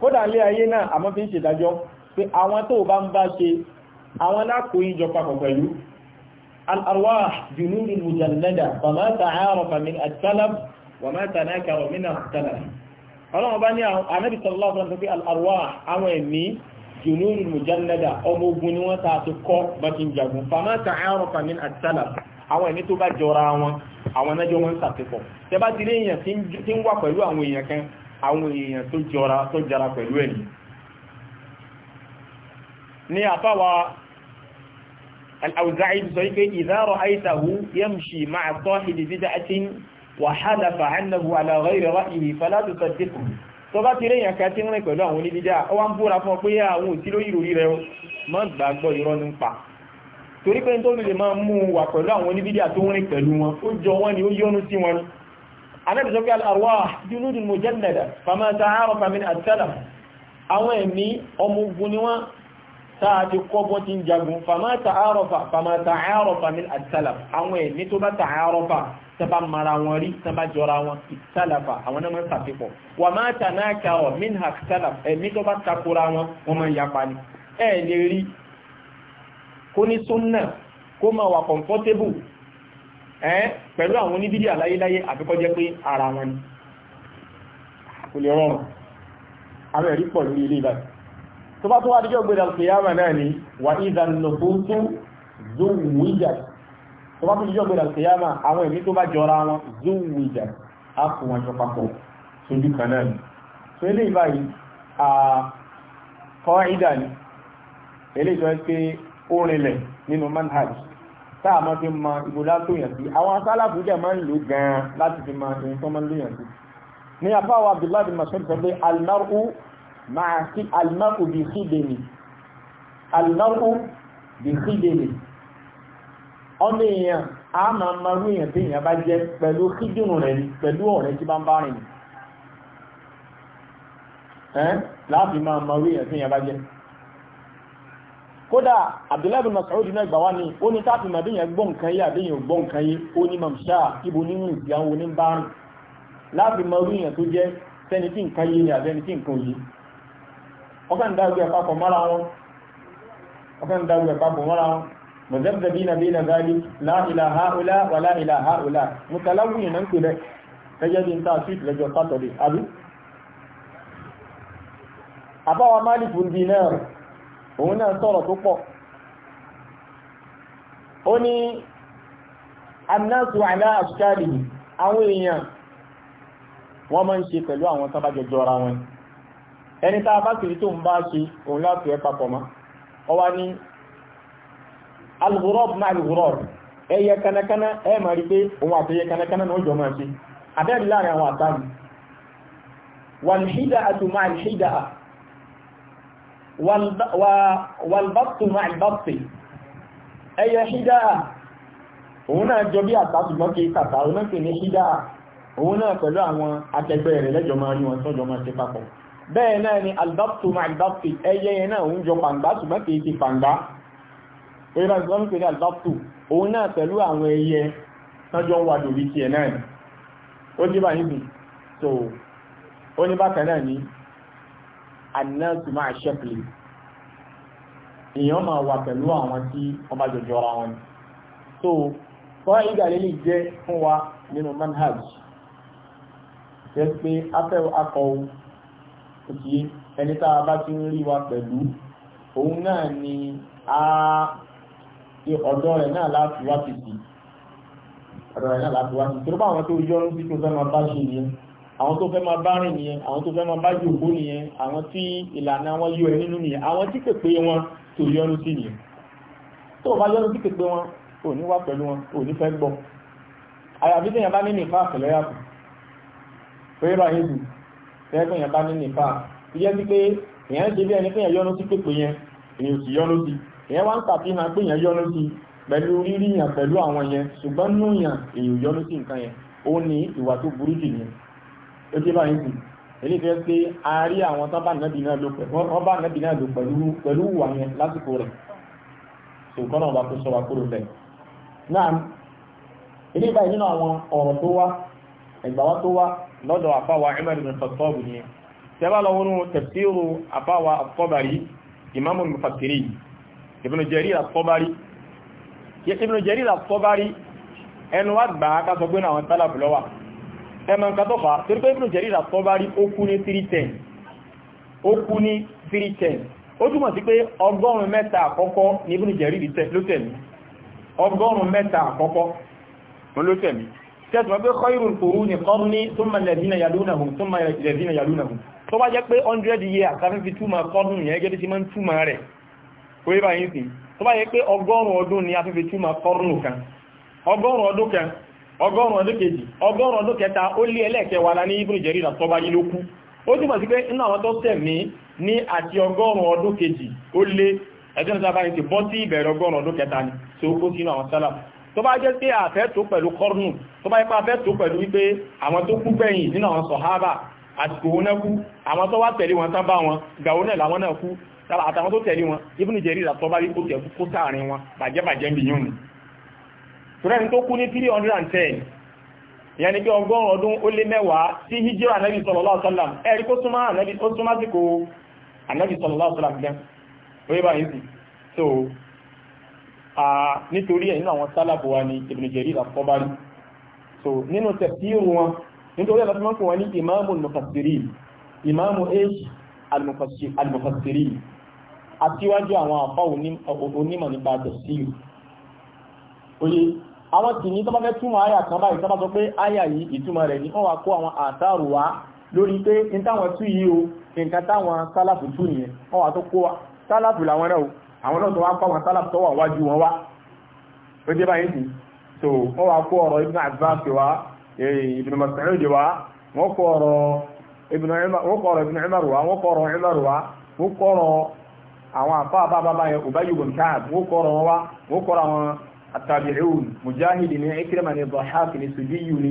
kódà ilé ayé náà àmọ́ fi ń ṣèdájọ́ pé àwọn tó bá ń bá ṣe àwọn lákò ìjọ papọ̀ pẹ̀lú al-arwah junudun mujallada fa ma ta'arafa min at-talab wa ma tanakara min ọlọ́run bá ní ànábì sallallahu alaihi wasallam pé al-arwah àwọn ẹ̀mí jùnúrù mùjánádà ọmọ ogun ni wọ́n ta àti kọ́ bá ti ń jagun fama ta'arafa min as-salaf àwọn ẹ̀mí tó bá jọra wọn àwọn ẹ̀nẹ́jọ́ wọn ń sàtẹ́kọ̀ tẹ bá ti rí èèyàn tí ń wà pẹ̀lú àwọn وحلف عنه على غير رأيه فلا تصدقه tó bá ti rí èèyàn kan tí ń rìn pẹ̀lú àwọn oníbídá ó wá ń búra fún ọ pé àwọn òtí ló yìí rẹ̀ ó má gbàgbọ́ irọ́ ní pa torí pé tó lè máa mú wà pẹ̀lú àwọn oníbídá tó ń rìn pẹ̀lú wọn ó jọ wọn ni ó yọ́nú sí wọn Ànábì sọ pé al-arwah junudun mujannada fama ta'arafa min as-salaf àwọn ẹ̀mí ọmọ ogun ni wọ́n táa ti kọ́bọ́ ti ń jagun fama ta'arafa fama ta'arafa min as-salaf àwọn ẹ̀mí tó bá ta'arafa tẹ́bá mara wọn rí tẹ́bá jọra wọn ìtàlàfà àwọn náà máa ń sàfipọ̀ wà máa tà náà kà ọ̀ minhak tàlàf ẹ̀mí tó bá takora wọn wọn máa yapa ni ẹ lè rí kó ní súnà kó máa wà kọ̀ǹfọ́tébù ẹ pẹ̀lú àwọn oníbídì aláyéláyé àfikọ́ jẹ́ pé ara wọn ni kò lè rọrùn àwọn ẹ̀rí pọ̀ lórí ilé ìbàdàn tó bá tó wá díjọ́ gbé tó bá tún jíjọ́ gbéra kìyàmà àwọn ẹ̀mí tó bá jọra wọn zúwù ìjà á kó wọn jọ papọ̀ sójú kan ni so eléyìí báyìí kọ́ ìdá ni eléyìí tó ẹ pé ó rinlẹ̀ nínú manhaj tá a máa fi mọ ìbòlá tó yàn sí àwọn asálàfù jẹ́ máa ń lò gan-an láti fi mọ ohun tó máa ń lò yàn sí ní afáwọ̀ abdullahi bin masud sọ pé almaru máa sí almaru bí sídèmí almaru bí sídèmí ọmọ èèyàn a máa ma rú èèyàn tí èèyàn bá jẹ́ pẹ̀lú kídùnù rẹ̀ ni pẹ̀lú ọ̀rẹ́ tí bá ń bá rìn máa ma rú èèyàn èèyàn bá kódà Abdullahi náà gbà wá ní ó ní gbọ́ nǹkan ó ní mamsha ibo nínú wo ní bá rìn ma rú èèyàn tó tí nǹkan ni tí nǹkan ọkàn mọ́ra مذبذبين بين ذلك لا إلى هؤلاء ولا إلى هؤلاء متلون أنت لك فجد انت أشيك لجو ساتري أبي أبا مالك بن دينار هنا صورة تقوى أني الناس على أشكاله أوليا wọ́n máa ń ṣe pẹ̀lú àwọn sábàjọjọ ara wọn ẹni tá a bá sì rí tó ń bá ṣe òun láti ẹ papọ̀ mọ́ ọ wá ní alghurab ma alghurab ẹyẹ kanakana ẹ máa rí pé òun àtẹyẹ kanakana ní ọjọ́ máa ṣe abẹ́rẹ́ láàrin àwọn àtàmì wàlhídà àtùmá àlhídà wàlbàtù ma àlbàtù ẹyẹ hídà òun náà jọ bí àtà ṣùgbọ́n kí kàtà òun náà pè ní hídà òun náà pẹ̀lú àwọn akẹgbẹ́ rẹ̀ lẹ́jọ máa rí jọ pàǹgbá ṣùgbọ́n kì ti pàǹgbá ìrìnà ìsìlámi pè ní albapto òun náà pẹ̀lú àwọn ẹyẹ tánjọ ń wàdò bí tiẹ̀ náà ó dí bá níbi tó ó ní bákan náà ní annasu máa ṣẹ́pìlì èèyàn máa wà pẹ̀lú àwọn tí wọ́n bá jọjọ ara wọn so fọ́ ìgbàlẹ́ lè jẹ́ fún wa nínú manhaj jẹ́ pé afẹ́ akọ̀ òkè ẹni tá a bá ti ń rí wa pẹ̀lú òun náà ni a pé ọ̀dọ́ rẹ̀ náà láti wá ti sí ọ̀dọ́ rẹ̀ náà láti wá ti sí tó bá àwọn tó yọrù sí tó fẹ́ máa bá ṣe nìyẹn àwọn tó fẹ́ máa bá rìn nìyẹn àwọn tó fẹ́ máa bá jòkó nìyẹn àwọn tí ìlànà wọn yọ ẹ nínú nìyẹn àwọn tí pèpè wọn tó yọrù sí nìyẹn tó bá yọrù sí pèpè wọn ò ní wá pẹ̀lú wọn ò ní fẹ́ gbọ́ àyàfi tí bá ní nìfà àkẹlẹ́yà kù pé rahibu tẹ́gbẹ́ bá ní nìfà ìyẹn wá ń ṣàfihàn pé èèyàn yọ́nú sí pẹ̀lú rírí yàn pẹ̀lú àwọn yẹn ṣùgbọ́n nú yàn èèyàn yọ́nú sí nǹkan yẹn ó ní ìwà tó burú jù yẹn ó dé báyìí sì èyí fẹ́ pé a rí àwọn tó bá nàbì náà lò wọ́n bá nàbì náà lò pẹ̀lú ìwà yẹn lásìkò rẹ̀ ṣùgbọ́n náà bá tó sọ wa kúrò bẹ́ẹ̀ náà ilé báyìí nínú àwọn ọ̀rọ̀ tó wá ẹgbàwá tó wá lọ́dọ̀ àfáwà Umar bin Khattab ni tẹ́bá lọ wọnú tafsiru àfáwà At-Tabari Imamul Ibn Jarir al-Tabari Ibn Jarir al-Tabari ẹnu wá gbà á kásọ pé àwọn tálàbù lọ́wà ẹmọ nǹkan tó fà torí pé Ibn Jarir al-Tabari ó kú ní 310 ó kú ní 310 ó túmọ̀ sí pé ọgọ́rùn mẹ́ta àkọ́kọ́ ní Ibn Jarir ló tẹ̀mí ọgọ́rùn mẹ́ta àkọ́kọ́ ló tẹ̀mí tẹ́tùmọ̀ pé khairul tó bá jẹ́ pé 100 years àkàfífi túmọ̀ kọ́rùn-ún yẹn gẹ́gẹ́ tí máa ń túmọ̀ rẹ̀ kò yíba yìí sí tó bá yẹ pé ọgọ́rùn ọdún ni afẹ́fẹ́ túmọ̀ kọrùnù kan ọgọ́rùn ọdún kan ọgọ́rùn ọdún kejì ọgọ́rùn ọdún kẹta ó lé ẹlẹ́ẹ̀kẹwàá la ní ibùdó jẹ́rí ìdà tọ́ba yìí ló kú ó túmọ̀ sí pé nínú àwọn tó tẹ̀ mí ní àti ọgọ́rùn ọdún kejì ó lé ẹjọ́ ní sábà yìí bọ́ sí ìbẹ̀rẹ̀ ọgọ́rùn ọdún kẹta ni tí ó kó sínú àwọn sálà tó bá jẹ́ pé àfẹ́ tó pẹ̀lú kọ́rùnù tó bá yẹ pé àfẹ́ tó pẹ̀lú wípé àwọn tó kú gbẹ̀yìn nínú àwọn sọ̀hábà àsìkò wọn àwọn tó wá tẹ̀lé wọn tán bá wọn gbà làwọn náà kú àtàwọn tó tẹ̀lé wọn ibùn jẹ̀rí ìràtọ́ bá rí kókè kó sáàrin wọn bàjẹ́bàjẹ́ ń bí yún ni tùrẹ́ni tó kú ní 310 ìyẹn ọgọ́rùn ọdún ó lé mẹ́wàá sí hijira anabi sallallahu so nítorí ẹ̀ nínú àwọn sálàbù wa ni ibùn jẹ̀rí ìràtọ́ bá so nínú tẹ̀síìrù wọn nítorí ẹ̀ lọ́sọ́mọ́kùn wọn ní ìmáàmù al-mufassirin àtiwájú àwọn àfa onímọ̀ nípa tẹ̀síù oye àwọn tìní tó bá fẹ́ túmọ̀ àyà kan báyìí tó bá sọ pé àyà yìí ìtumọ̀ rẹ̀ ní wọ́n kó àwọn àtàrù lórí pé n tú yìí o nǹkan táwọn sálàfù tú nìyẹn wọ́n wá tó kó wa sálàfù làwọn o àwọn náà tó wá kó àwọn sálàfù tó wà wájú wọn wá ó dé so wọ́n wá kó ọ̀rọ̀ Ibn Abbas wa eh, Ibn Mas'ud wa wọ́n kó ọ̀rọ̀ Ibn Umar wa wọ́n àwọn àfá àbábábá yẹn Ubayy ibn Ka'b wọ́n kọ́rọ̀ wọn wá wọ́n kọ́rọ̀ àwọn àtàbíhùn Mujahid ní Ikrima ní Dhahhak ní Sudiyyu ní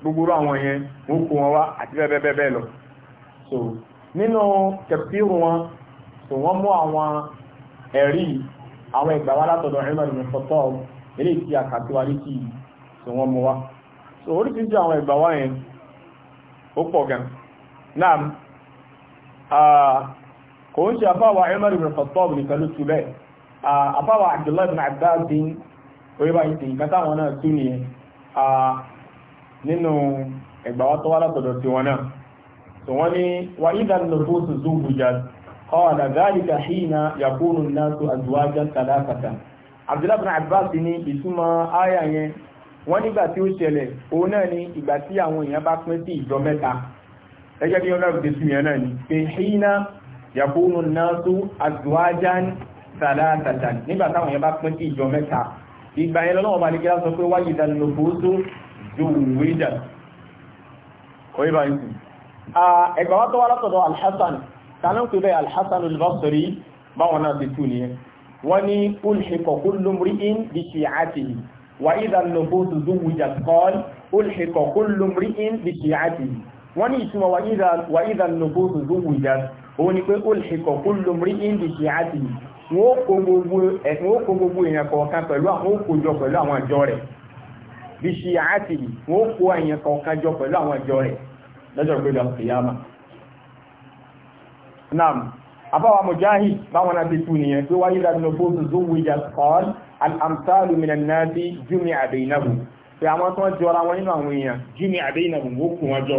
gbogbo àwọn yẹn wọ́n kó wọn wá àti bẹ́ẹ̀ lọ so nínú wọn so wọ́n mú àwọn ẹ̀rí àwọn látọ̀dọ̀ kò ń ṣe àfáwà Umar ibn Khattab nìkan ló tu bẹ́ẹ̀ àfáwà Abdullahi ibn Abbas bin orí bá ń ti nǹkan táwọn náà tú nìyẹn nínú ẹgbà wa tó wá látọ̀dọ̀ sí wọn náà tó wọ́n ní wa idha an-nufusu zuwwijat qala dhalika hina yakunu an-nasu azwajan thalathatan Abdullahi ibn Abbas ní ìtumọ̀ áyà yẹn yakunu nasu azwajan salatatan nígbà táwọn yẹn bá pín sí ìjọ mẹ́ta ìgbà yẹn lọ́wọ́ bá ní kí lásọ pé wáyé ìdánilòfóótó jùwédà orí bá ń sì ẹgbà wá tó wá látọ̀dọ̀ alhassan kanáà tó bẹ́ alhassan al-basri báwọn náà ti tú ní ẹ wọ́n ní ulhikọ̀ kullum ri'in bi wọ́n ní ìtumọ̀ wà ìdà nùbóòsù zúwù ìjà òun ni pé ó lè kọ̀ kó lomrí indìsí àti wọ́n kó gbogbo èèyàn kọ̀ọ̀kan pẹ̀lú àwọn òkòjọ pẹ̀lú àwọn àjọ rẹ̀ bí ṣe àti wọ́n kó èèyàn kọ̀ọ̀kan jọ pẹ̀lú àwọn àjọ rẹ̀ lọ́jọ́ gbẹ́gbẹ́ kìyàmà naam àbáwà mujahid báwọn náà ti tú nìyẹn pé wáyé ìdà nùbóòsù zúwù ìjà kọ́ọ̀l al'amtalu minan nasi jumi abainahu pé àwọn tó jọra wọn nínú àwọn èèyàn jumi abainahu wọ́n kó wọn jọ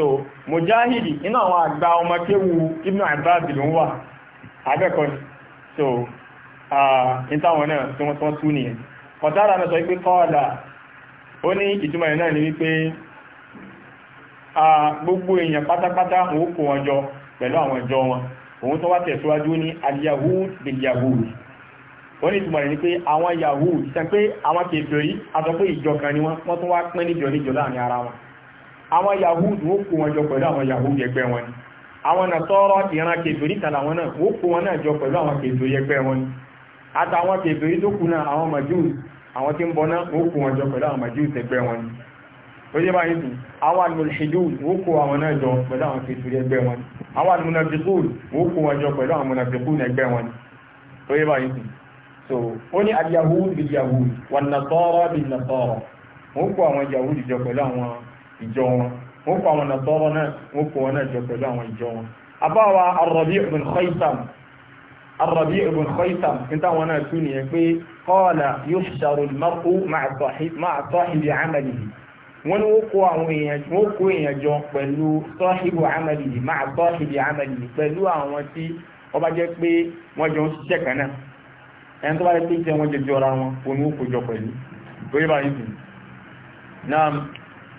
so mujahidi iná àwọn àgbà ọmọ kéwu ibn abbas ló ń wà abẹ́kọ́ ni so ìtàwọn náà tí wọ́n tún tún nìyẹn kọ̀tàrà náà sọ ni wípé gbogbo èèyàn pátápátá òun kò wọn pẹ̀lú àwọn ìjọ wọn òun tó wá tẹ̀síwájú ní al ni ni wọ́n tún wá pín níjọ níjọ láàrin ara àwọn yahudu ó kó wọn jọ pẹ̀lú àwọn yahudu ẹgbẹ́ wọn ni àwọn nàtọ́rọ̀ ìran kèfèrí kan àwọn náà ó kó wọn náà jọ pẹ̀lú àwọn kèfèrí ẹgbẹ́ wọn ni àtàwọn kèfèrí tó kù náà àwọn majus àwọn tí ń bọ náà ó kó wọn jọ pẹ̀lú àwọn majus ẹgbẹ́ wọn ni ó yé báyìí sùn àwọn almulhidun ó kó àwọn náà jọ pẹ̀lú àwọn kèfèrí ẹgbẹ́ wọn ni àwọn almunafiqun ó kó wọn jọ pẹ̀lú àwọn munafiqun ẹgbẹ́ wọn ni ó yé báyìí sùn so ó ní alyahud bil yahud wan nasara bin nasara ó àwọn yahud jọ pẹ̀lú àwọn ìjọ wọn wọ́n kọ àwọn nàbọ́rọ̀ náà wọ́n kọ wọn náà jọ pẹ̀lú àwọn ìjọ wọn abáwa Ar-Rabi' ibn Khaytham Ar-Rabi' ibn Khaytham níta wọn náà tún nìyẹn pé qala yuhsharu al-mar'u ma'a sahibi 'amalihi wọ́n ní wọ́n kó àwọn èèyàn wọ́n kó èèyàn jọ pẹ̀lú sahibu 'amalihi ma'a sahibi 'amalihi pẹ̀lú àwọn tí wọ́n bá jẹ́ pé wọ́n jọ ń ṣiṣẹ́ kan náà ẹni tó bá jẹ́ pé jẹ́ wọ́n jẹ jọra wọn òun ó kó jọ pẹ̀lú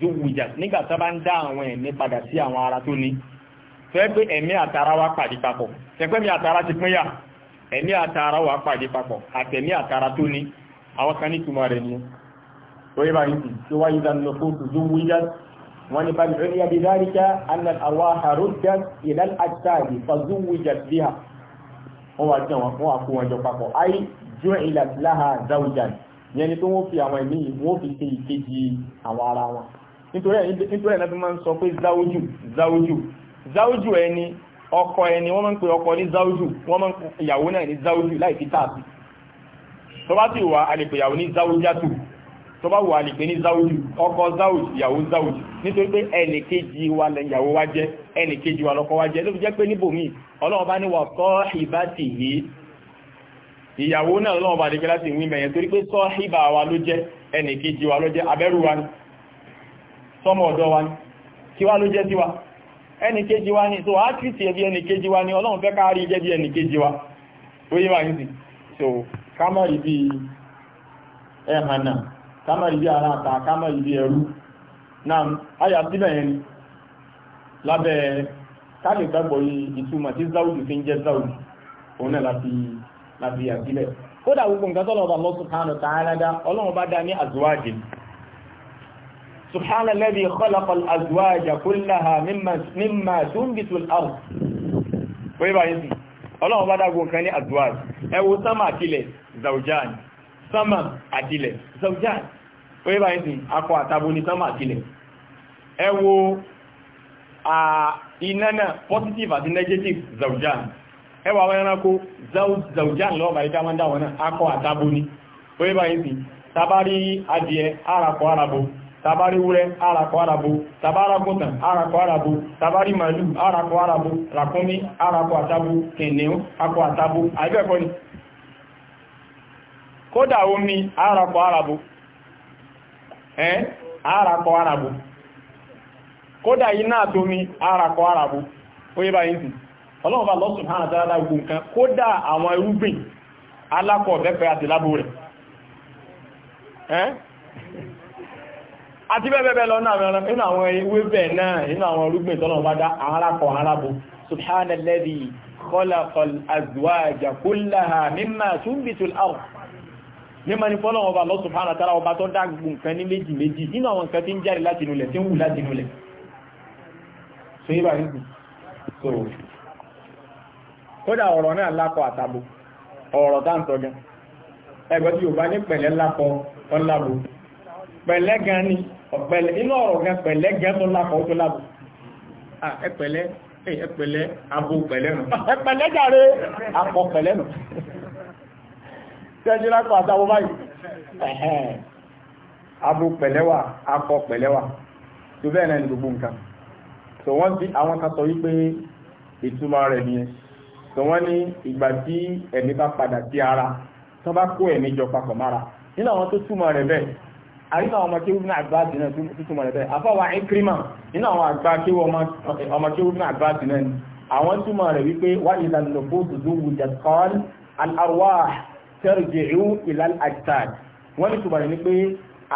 jówùjà nígbà tó bá ń dá àwọn ẹ̀mí padà sí àwọn ara tó ní fẹ́ pé ẹ̀mí àtara wa pàdé papọ̀ fẹ́pẹ́ mi àtara ti pínyà ẹ̀mí àtara wa pàdé papọ̀ àtẹ̀mí àtara tó ní àwọn kan ní túmọ̀ rẹ̀ ni orí bá yìí tí wáyé dánilọ fóòtù jówùjà wọ́n ní bàbí ẹ̀rí àbí tó wọ́n fi àwọn ẹ̀mí wọ́n fi ṣe ìkejì àwọn ara wọn nítorí ẹ̀nà tó máa ń sọ pé záwójú záwójú záwójú ẹni ọkọ ẹni wọ́n máa ń pè ọkọ ní záwójú wọ́n máa ń pè ìyàwó náà ní záwójú láì fi táàbì tó bá sì wà a lè pè ìyàwó ní záwójátù tó bá wà a lè pè ní záwójú ọkọ záwójú ìyàwó záwójú nítorí pé ẹnì kejì wa lẹ ìyàwó wa jẹ ẹnì kejì wa lọkọ wa jẹ ló fi jẹ́ pé níbòmíì ọlọ́run bá ní wà kọ́ ìbátìhì ìyàwó náà lọ́wọ́ bá dé kí láti wí mẹ́yẹn torí pé sọ́ọ́hìbà wa ló jẹ́ ẹnì kejì wa ló jẹ́ abẹ́rù wa ni sọmọ ọ̀dọ́ wa ní kí wá ló jẹ́ sí wa ẹni kéjì wa ní so a tìtì ẹbí ẹni kéjì wa ní ọlọ́run fẹ́ káàrí jẹ́ bí ẹni kéjì wa ó yí máa so kámọ̀rí bí ẹ̀hànà kámọ̀rí bí ara àta kámọ̀rí bí ẹrú náà ayà síbẹ̀ yẹn ni lábẹ́ káàlì gbàgbọ́ ìtumọ̀ tí záwùdù fi ń jẹ́ záwùdù òun náà láti láti àgbílẹ̀ kódà gbogbo nǹkan tọ́lọ́ ọba Allah subhanahu wa ta'ala ọlọ́run bá dá ní àzúwájì سبحان الذي خلق الأزواج كلها مما مما تنبت الأرض ويبا يسمي ọlọ́run bá dágbò kan ní azwaj ẹwọ sama àtílẹ̀ zaujan sama àtílẹ̀ zaujan oye bá yìí akọ àtàbò ní sama àtílẹ̀ ẹwọ iná náà positive àti negative zaujan ẹwọ àwọn ẹranko zaujan lọ́wọ́ bàrí dámọ́dá wọn náà akọ àtàbò ní oye bá yìí tàbárí adìẹ arakọ arabo tàbárí wúrẹ́ arakọ̀ arabu tàbára gùntàn arabu tabari màálù arakọ arabu ràkúnmí arakọ̀ àtabu kìnìún akọ̀ àtabu àìbẹ̀kọ́ ni koda omi arakọ arabu ẹ́ arakọ arabu kódà iná àtomi arakọ arabu ó yé báyìí sí ọlọ́run bá lọ́sùn hàn kan àti bẹ́ẹ̀bẹ́ẹ̀ lọ náà inú àwọn ewébẹ̀ náà inú àwọn orúgbìn tọ́lọ̀ bá dá àwọn alákọ̀ àwọn alábò subhanalladhi khalaqal azwaja kullaha mimma tunbitul ardh mímọ̀ ní fọ́lọ̀ ọba lọ subhanahu wa ta'ala ọba tó dá gbogbo nǹkan ní méjì méjì inú àwọn nǹkan so yíba ní so kódà ọ̀rọ̀ náà lákọ àtàbò ọ̀rọ̀ dáńtọ́ gan ẹgbẹ́ tí Yorùbá ní pẹ̀lẹ́ lákọ ọlábò pẹ̀lẹ́ gan ni ọ̀pẹ̀lẹ̀ nínú ọ̀rọ̀ gan pẹ̀lẹ́ gan tó lápọ̀ tó lápọ̀ ẹ̀pẹ̀lẹ́ ẹ̀pẹ̀lẹ́ abo pẹ̀lẹ́ nù ẹ̀pẹ̀lẹ́ jàre apọ̀ pẹ̀lẹ́ nù tẹ́jú lápọ̀ àtàwọn báyìí abo pẹ̀lẹ́ wà apọ̀ pẹ̀lẹ́ wà tó bẹ́ẹ̀ náà ní gbogbo nǹkan tó wọ́n ti àwọn kan sọ wípé ìtumọ̀ rẹ̀ nìyẹn tó wọ́n ní ìgbà tí ẹ̀mí bá padà sí ara tó bá kó ẹ̀mí jọ papọ̀ mára nínú àwọn tó túmọ̀ àríṣà ọmọ kí wúbínà àbáàdì náà tuntun mọ̀ lẹ́bẹ̀ẹ́ àfọwà ìkírímà nínú àwọn àgbà kí ọmọ kí wúbínà àbáàdì náà àwọn túmọ̀ rẹ̀ wípé wà ìlànà fóòtù tó wù jẹ́ kọ́ọ̀lù alárwà tẹ́rìjìrìú ìlànà àjítàd wọ́n ní túmọ̀ rẹ̀ ní pé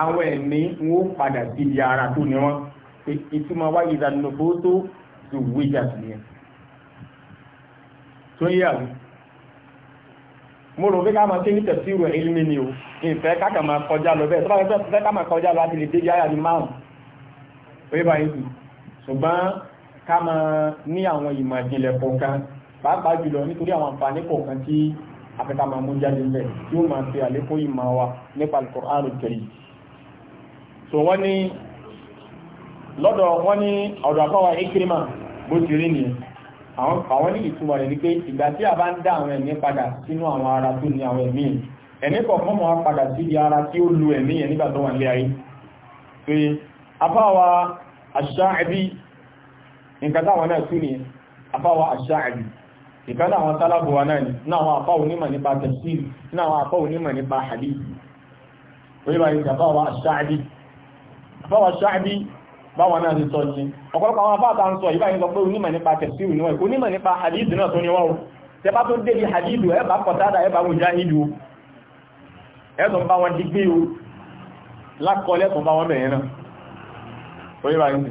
àwọn ẹ̀mí wọ́n padà sí ibi ara tó ní wọ́n ìtumọ̀ wà ìlànà fóòtù tó wù jẹ́ mo rò pé ká máa ṣe ní tẹ̀síwò ilmi ni o ìfẹ́ káàkà máa kọjá lọ bẹ́ẹ̀ tó bá fẹ́ ká máa kọjá lọ láti lè débi àyà ní márùn pé báyìí sì ṣùgbọ́n ká máa ní àwọn ìmọ̀ ìjìnlẹ̀ kọ̀ọ̀kan pàápàá jùlọ nítorí àwọn àǹfààní kọ̀ọ̀kan tí afẹ́ká máa mú jáde ń bẹ̀ tí ó máa fi àlékún ìmọ̀ wa nípa al àwọn ní ìtumọ̀ rẹ̀ ní pé ìgbà tí a bá ń dá àwọn ẹ̀mí padà sínú àwọn ara tó ní àwọn ẹ̀mí ẹ̀mí kọ̀ọ̀kan mọ́ padà sí di ara tí ó lu ẹ̀mí ẹ̀ nígbà tó wà ní ayé pé afáwa aṣáàbí nǹkan táwọn náà tún ní afáwa aṣáàbí ìkan náà àwọn tálábù wa náà ní náà afá onímọ̀ nípa báwọn náà ti sọ ní ọ̀pọ̀lọpọ̀ àwọn abáta ń sọ ìbáyìí sọ pé onímọ̀ nípa tẹ̀síwì náà onímọ̀ nípa hadith náà tó ní wọ́n o tẹbá tó débi hadith ẹ bá kọ̀tádà ẹ bá wọn já ìlú ẹ̀sùn bá wọn dígbé o lákọọlẹ̀ tó bá wọn bẹ̀rẹ̀ náà ó yíra ní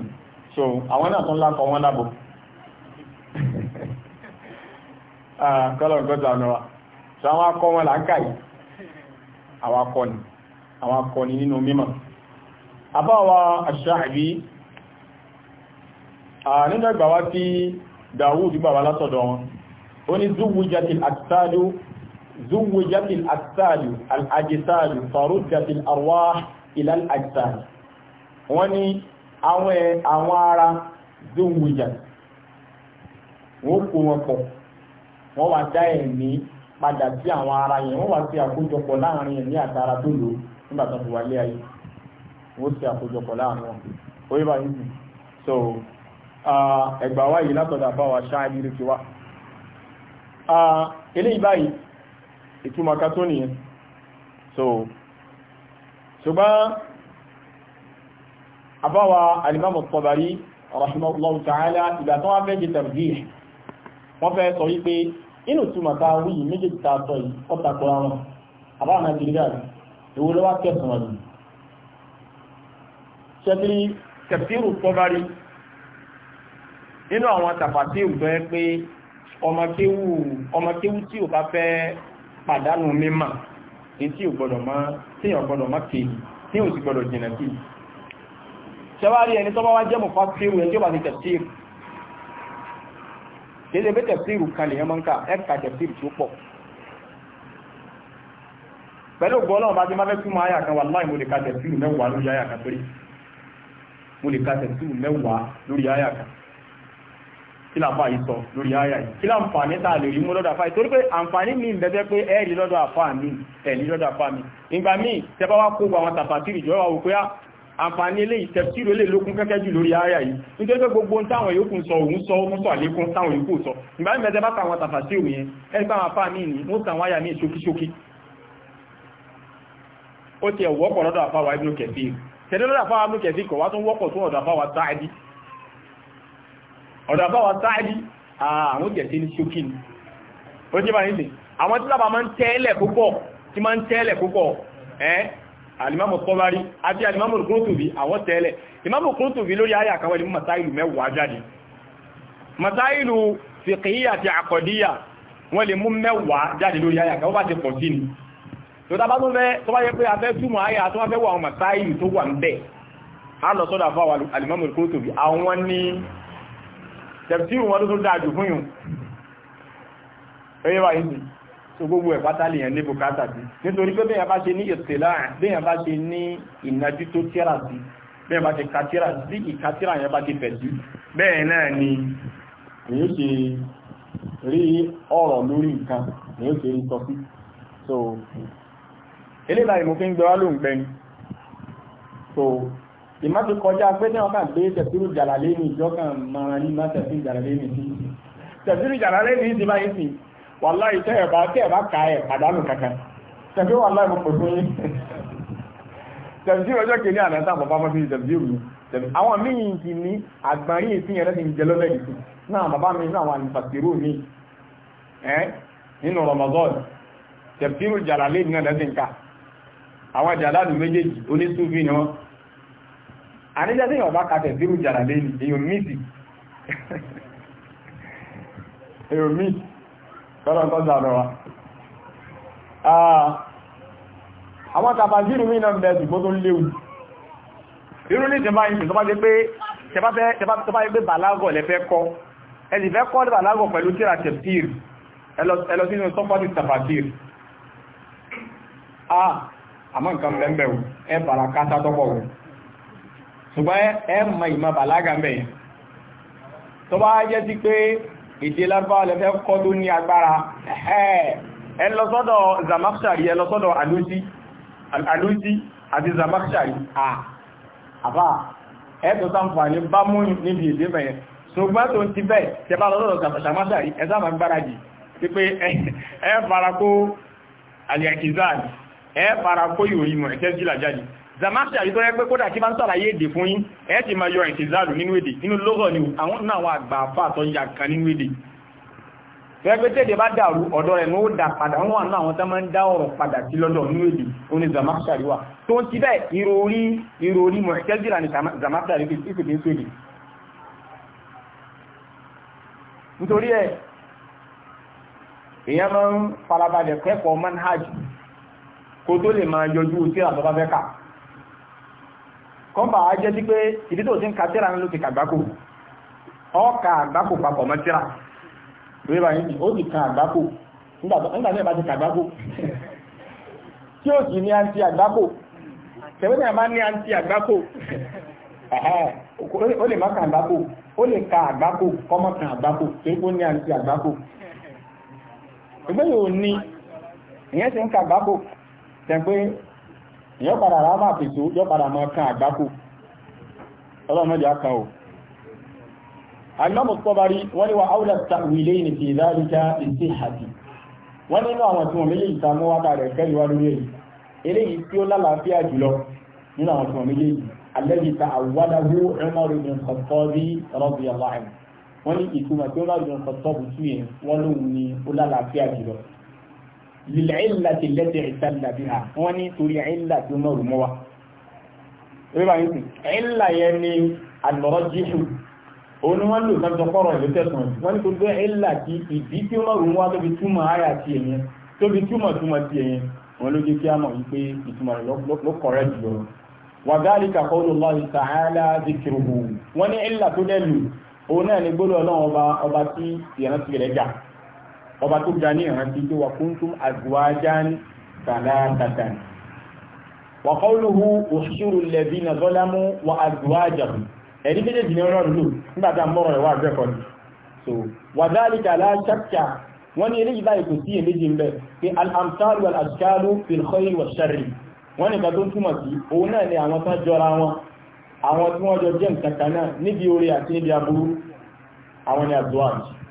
so àwọn náà tó ah, ń lákọ wọn lábò kọ́lọ̀ gọ́ta ọ̀nà wa so àwọn akọ wọn làákàyè àwọn akọni àwọn akọni nínú mímọ̀ àbáwa aṣáàbí nínú ẹgbà wá tí Dawud bàbá látọ̀dọ̀ wọn ó ní zuwujatil ajsadu zuwujatil ajsadu al-ajsadu faruddatil arwah ila al-ajsad wọ́n ní àwọn àwọn ara zuwujat wọ́n kó wọn pọ̀ wọ́n wá dá ẹ̀mí padà sí àwọn ara yẹn wọ́n wá sí àkójọpọ̀ láàrin ẹ̀mí àtara tó lò nígbà ayé wọ́n sí àkójọpọ̀ láàrin wọn so ẹgbà wá yìí látọ̀dà bá wa ṣáàbí ló fi wá eléyìí báyìí ìtumọ̀ tó nìyẹn so ṣùgbọ́n àbáwa alimamu Tabari rahimahullahu ta'ala ìgbà tó wá fẹ́ jẹ tẹ̀rẹ̀ wọ́n fẹ́ sọ wípé inú túmọ̀ ta wí yìí méjèèjì ta sọ yìí ọ̀tà kọ́ra wọn àbáwọn nàìjíríà ìwò ló wá kẹsàn-án ṣẹ́tìrí nínú àwọn tàfàtíù tó yẹ pé ọmọkéwú tí ò bá fẹ́ pàdánù mímà ní tí ò gbọdọ̀ mọ́ tí ò gbọdọ̀ mọ́ kéèyì tí ò sì gbọdọ̀ jìnà sí ṣẹwárí ẹni tó bá wá jẹ́ mọ̀fá tíru ẹni tí ó bá ti tẹ̀síìrù kéde pé tẹ̀síìrù kan lè yẹn mọ́ ń kà ẹ̀ka tẹ̀síìrù tó pọ̀ pẹ̀lú gbọ́lọ́ bá ti máa fẹ́ túnmọ̀ àyà kan wà láì mo lè ka tẹ̀síìrù mẹ́wàá lórí àyà kan torí mo lè ka tẹ̀síìrù mẹ́wàá lórí àyà kan kí là ń bá yìí sọ lórí àyà yìí kí là ń fà ní tàà lè rí mú lọ́dọ̀ àfáà torí àǹfààní mi ń bẹ̀bẹ̀ pé ẹ̀rí lọ́dọ̀ àfáà mi ẹ̀rí lọ́dọ̀ àfáà mi ìgbà míì tẹ́bá wá kó àwọn tàfàtìrì jọ wà wò pé àǹfààní eléyìí tẹ̀síìrì eléyìí lókun kẹ́kẹ́ jù lórí àyà yìí nítorí pé gbogbo táwọn yòókù sọ òun sọ òun sọ àlékún táwọn yòókù sọ ìgbà míì mẹ́tẹ́ bá ka àwọn tàfàtìrì yẹn ẹni bá àwọn afá mi ní mo tàwọn àyà mi ṣókíṣókí ó ti ẹ̀ wọ́pọ̀ lọ́dọ̀ àfáwà ibùdó kẹfì tẹ̀lé lọ́dọ̀ àfáwà ibùdó kẹfì kọ̀ wá tó wọ́pọ̀ tó ọ̀dọ̀ àfáwà sáàdì ọ̀dọ̀ àbáwà sáàdì àwọn jẹ̀sí ní ṣókí ni ó jẹ́ bá ní sí àwọn tí lábà máa ń tẹ́ẹ̀lẹ̀ púpọ̀ tí máa ń tẹ́ẹ̀lẹ̀ púpọ̀ ẹ́ alimamu tọ́bárí àti alimamu kúrútùbí àwọn tẹ́ẹ̀lẹ̀ imamu kúrútùbí lórí ayé àkàwẹ́ ní masáìlù mẹ́wàá jáde masáìlù fìkìyà àti àkọ̀díyà wọ́n lè mú mẹ́wàá jáde lórí ayé àkàwẹ́ bá ti pọ̀ sí ni tó dábá tó fẹ́ tó bá yẹ pé a fẹ́ túmọ̀ ayé àti wọ́n fẹ́ wọ àwọn masáìlù tó wà ń bẹ̀ á lọ sọ́dọ̀ àfọwà alimamu kúrútùbí àwọn ní tẹ̀síù wọn ló tún dáadù fún yùn ẹyẹ wà yìí tó gbogbo ẹ̀ pátá lèyàn ní bùkátà sí nítorí pé bẹ́yàn bá ṣe ní ìsìlá bẹ́yàn bá ṣe ní ìnájú tó tíra sí bẹ́yàn bá ṣe katira sí ìkatira yẹn bá ti fẹ̀ sí bẹ́ẹ̀ náà ni èyí ṣe rí ọ̀rọ̀ lórí nǹkan èyí ṣe so ìmá ti kọjá pé ní ọkà gbé tẹ̀síru jàlálé ní ìjọ kan máa ní má tẹ̀síru jàlálé ní sí tẹ̀síru jàlálé ní ti báyìí sí wàláhì tẹ́ ẹ̀ bá tẹ́ ẹ̀ bá ka ẹ̀ pàdánù kankan tẹ̀sí wàláhì mo pè fún yín tẹ̀sí ọjọ́ kìíní àná tá bàbá mọ́ sí tẹ̀sí òru tẹ̀sí àwọn míì ti ní àgbáyé ìsìnyẹn láti ń jẹ lọ́lẹ́yìn sí náà bàbá mi náà wà ní fàṣírò mi ẹ́ nínú Ramadan tẹ̀síru jàlálé ní ọ̀dẹ́sìnká àwọn jàlálù méjèèjì oníṣúfì ni wọ́n àníjẹ́ tí ìwọ̀n bá kàtẹ̀ zero jàrà lẹ́nu èyàn míìsì èyàn míìsì lọ́rọ̀ tó jàrọ wa ah, àwọn tàbà zero mí náà bẹ̀ẹ̀ ṣùgbọ́n tó léwu irú ní ìjọba yìí tó bá jẹ́ pé tó bá jẹ́ pé bàlágọ̀ lẹ fẹ́ kọ́ ẹ sì fẹ́ kọ́ bàlágọ̀ pẹ̀lú tíra tẹ̀pìr ẹlọ sínú sọ́pọ̀tì tàfàkìr ah, àmọ́ nǹkan bẹ̀ẹ̀ bẹ̀ẹ̀ ẹ bàrà kásá tọ́pọ̀ wọn ṣùgbọ́n ẹ mọ ìmọ̀ bàlágà mẹ́ tó bá jẹ́ sí pé èdè lárúbáwá lẹ́fẹ́ kọ́ tó ní agbára ẹ lọ sọ́dọ̀ zamakshari ẹ lọ sọ́dọ̀ alúsí àti zamakshari àbá ẹ tó sáǹfààní bá mú níbi èdè mẹ́ ṣùgbọ́n tó ti bẹ́ tẹ bá lọ́dọ̀ zamakshari ẹ sáàmà gbáradì sí pé ẹ farakó alìyàkìzáàdì zamasi àyíkọ́ rẹ̀ pé kódà kí bá ń sàlàyé èdè fún yín ẹ̀ ti máa yọ ìtìzáàlù nínú èdè nínú lọ́gọ̀ ni àwọn náà wà àgbà àfà àtọ́ ya kan nínú èdè rẹ̀pẹ́ tẹ́dẹ̀ bá dàrú ọ̀dọ̀ rẹ̀ ní ó dà padà wọn náà àwọn tán máa ń dá ọ̀rọ̀ padà sí lọ́dọ̀ nínú èdè ó ní zamasi wà tó ń ti bẹ́ẹ̀ ìròrí ìròrí mọ̀ kọ́mbà á jẹ́ sí pé ìdí tó ti ń ka tíra ń ló ti kàgbákò ọkà àgbákò papọ̀ mọ́ tíra lórí bá yìí ó ti kan àgbákò nígbà tí ẹ bá ti kàgbákò tí ó sì ní àǹtí àgbákò tẹ̀wé náà bá ní àǹtí àgbákò ó lè má kan àgbákò ó lè ka àgbákò kọ́mọ́ kan àgbákò torí pé ó ní àǹtí àgbákò ìgbéyàwó ni ìyẹn ti ń ka àgbákò tẹ̀ pé èyàn padà rà máa pèsò yọ́ padà máa kan àgbákò ọlọ́mọdé aka o alimọ́mọ̀ tọ́bari wọ́n ni wa áwùlẹ̀ tàwílé ní fi ìdáríká ìsí àti wọ́n nínú àwọn tí wọ́n méjì ìtàmú wáta rẹ̀ kẹ́lú wá lórí èyí eléyìí tí ó lálàáfíà jùlọ nínú àwọn tí wọ́n méjì alẹ́bí ta lílẹ̀ ìlà ti lẹ́tẹ̀ ìtàlà bí ha wọ́n ní torí ìlà tó náà rùmọ́ wa rí bá yìí ìlà yẹn ni àlọ́rọ́ jíṣù òun ni wọ́n lò sọ́jọ́ kọ́rọ̀ ìlú tẹ̀sán wọ́n ti ìdí ni gbọ́dọ̀ ọlọ́run ọba ọba tí ìrántí rẹ̀ jà ọba tó ga ní ìrántí tó wà kuntum azwajan salatatan wa qawluhu ushuru alladhina zalamu wa azwajahum ẹ̀rí méjèèjì ní ọlọ́run lò nígbà tá a mọ́rọ̀ rẹ̀ wà bẹ́ẹ̀kọ́ ni so wa dhalika la wọ́n ní eléyìí báyìí kò sí èméjì ń pé al-amsalu wal-ashkalu fil wọ́n ní kàtó túmọ̀ sí òun náà ni àwọn tán jọra wọn àwọn tí wọ́n jọ jẹ́ náà níbi oore àti níbi aburú àwọn ni àdúrà jù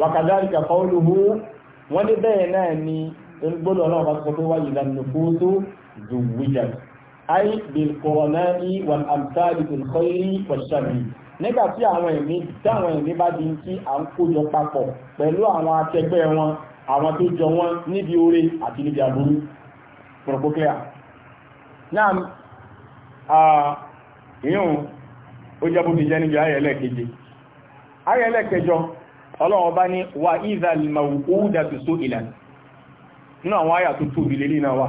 wàkàdáríkà kọ́ọ̀lùhù wọ́n ní bẹ́ẹ̀ náà ni gbọ́dọ̀ ọlọ́run bá sọ pé wáyé ìlànà nùfúsù zùwìyà ayé bilkọ̀ọ̀nàí wà àmsáàlì ìkọ́yí pẹ̀ṣàbí nígbà tí àwọn ẹ̀mí táwọn ẹ̀mí bá di tí à ń kójọ papọ̀ pẹ̀lú àwọn akẹgbẹ́ wọn àwọn tó jọ wọn níbi oore àti níbi aburú pọ̀rọ̀pọ̀kẹ́à náà ìyún ó jẹ́ bó ti jẹ́ níbi ayẹ̀lẹ́kẹjọ ọlọ́run bá ní wà ìzàlìmọ̀wòdàtù só ìlà nínú àwọn àyà tó tóbi lélé náà wà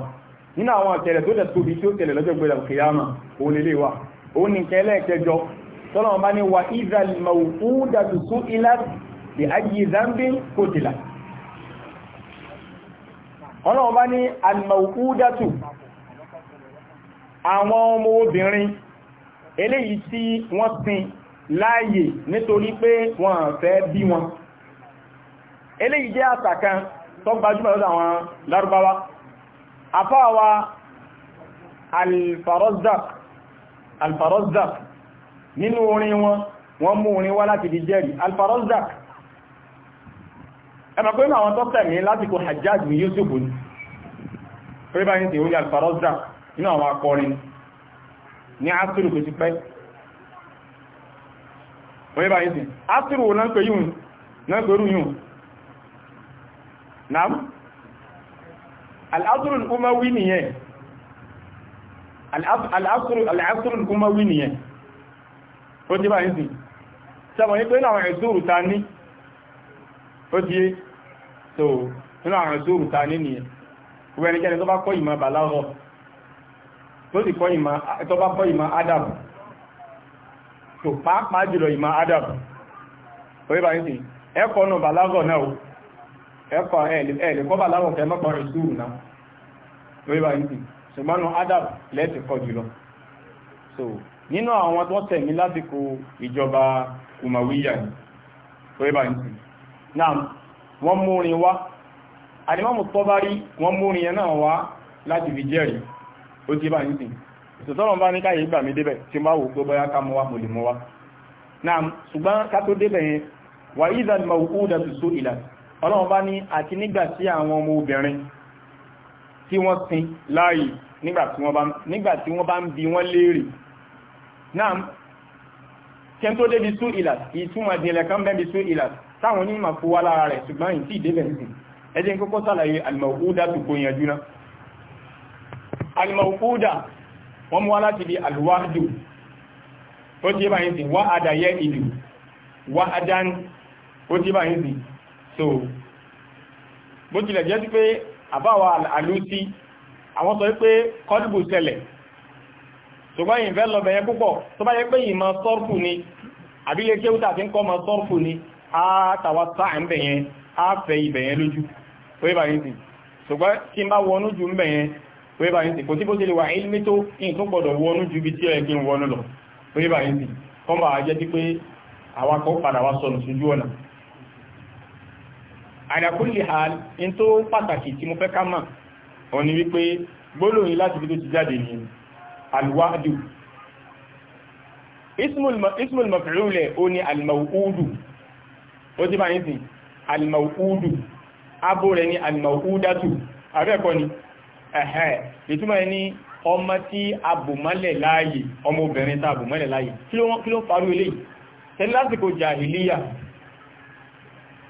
nínú àwọn àtẹ̀lẹ̀ tó tóbi tí ó tẹ̀lẹ̀ lọ́jọ́ gbẹ̀rẹ̀ kìyàmà òun lélé wà òun ní kẹlẹ̀ kẹjọ tọ́lọ́run bá ní wà ìzàlìmọ̀wòdàtù àwọn ọmọ obìnrin eléyìí tí wọ́n sin láàyè nítorí pé wọ́n fẹ́ bí wọn eléyìí jẹ́ àṣà kan tó gbajúmọ̀ lọ́dọ̀ àwọn lárúbáwá afáwa alfarozdaq alfarozdaq nínú orin wọn wọ́n mú orin wá láti di jẹ́rì alfarozdaq ẹmà pé àwọn tó tẹ̀mí lásìkò hajjaj ní yusuf ní pẹ́lú bá ní ti orí alfarozdaq nínú àwọn akọrin ní wọ́n bá yìí sí asìrò náà pè yìí náà pẹ̀rú yìí náà al'asìrò al'umawi nìyẹn al'asìrò al'umawi nìyẹn ó ti bá yìí sí sẹ́mọ̀ ní pé náà ẹ̀sùrù ta ní ó ti yé so nínú àwọn ẹ̀sùrù ta ní nìyẹn gbogbo ẹnikẹ́ni tó bá kọ́ tó pàápàá jùlọ ìmọ̀ adam oríba ní sí ẹ̀kọ́ náà bàlágọ̀ náà ẹ̀kọ́ ẹ̀lẹ́kọ́ bàlágọ̀ kẹ́mọ́kọ́ ìṣúrù náà oríba ní sí ṣùgbọ́n adam lẹ́tẹ̀kọ́ jùlọ so nínú àwọn tó tẹ̀mí lásìkò ìjọba umawiya ni oríba ní sí náà wọ́n múrin wá àdìmọ́mù tọ́bárí wọ́n múrin yẹn náà wá láti fi jẹ́rìí ó ti bá ní sí ìtọ́lọ́n bá ní káyè gbà mí débẹ̀ tí máa wò pé bọ́yá ká mọ́ wá mo lè mọ́ wá náà ṣùgbọ́n ká tó débẹ̀ yẹn wà ìdàn ma òkú dà tó só ìlà ọlọ́run bá ní àti nígbà tí àwọn ọmọ obìnrin tí wọ́n sin láàyè nígbà tí wọ́n bá ń bi wọ́n léèrè náà kí n tó débi sú ìlà ìtumọ̀ ìdílẹ̀ kan bẹ́ẹ̀ bi ìlà táwọn onímọ̀ wọ́n mú wá láti bí alwáàdù ó tí bá yìí sí wá àdáyẹ ìlú wá àdán ó tí bá yìí sí so bó tilẹ̀ jẹ́ sí pé àbáwà àlúsí àwọn sọ pé kọ́dùbù ṣẹlẹ̀ ṣùgbọ́n yìí fẹ́ lọ bẹ̀yẹ púpọ̀ tó bá yẹ pé yìí mọ sọ́rfù ni àbílẹ̀ kéwútà tí ń kọ́ mọ sọ́rfù ni á tàwa sáà ń bẹ̀yẹn á fẹ́ ìbẹ̀yẹn lójú ó yẹ bá yìí sí ṣùgbọ́n tí ń bá wọnú ju ń bẹ̀yẹn pẹ́bà yìí kò tí bó sílẹ̀ wà ilmi tó in tó gbọdọ̀ wọnú ju bí tí ẹ̀ kí n wọnú lọ pẹ́bà yìí kọmọ̀ àjẹ́ tí pé àwakọ̀ padà wá sọ̀nù sójú ọ̀nà àdàkùnlé hàn in tó pàtàkì tí mo fẹ́ ká mọ̀ ọ̀ ni wípé gbólóyìn láti bí tó ti jáde ní alwáàdù ismul maf'ul ó ní almawudu ó ti bá yìí sí almawudu abo rẹ̀ ní almawudatu abẹ́ẹ̀kọ́ ni ẹ̀hẹ́ ìtumọ̀ ẹni ọmọ tí a bò mọ́lẹ̀ láàyè ọmọ obìnrin tá a bò mọ́lẹ̀ láàyè kí ló farú ilé tẹ́lẹ̀ lásìkò jàhìlíyà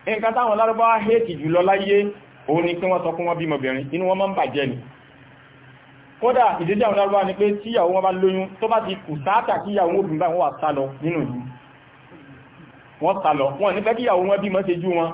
nǹkan táwọn lárúbáwá hẹ́ẹ̀tì jùlọ láyé òun ni kí wọ́n sọ fún wọn bímọ obìnrin inú wọn máa ń bàjẹ́ ni kódà ìdíjẹ́ àwọn wọ́n wà sálọ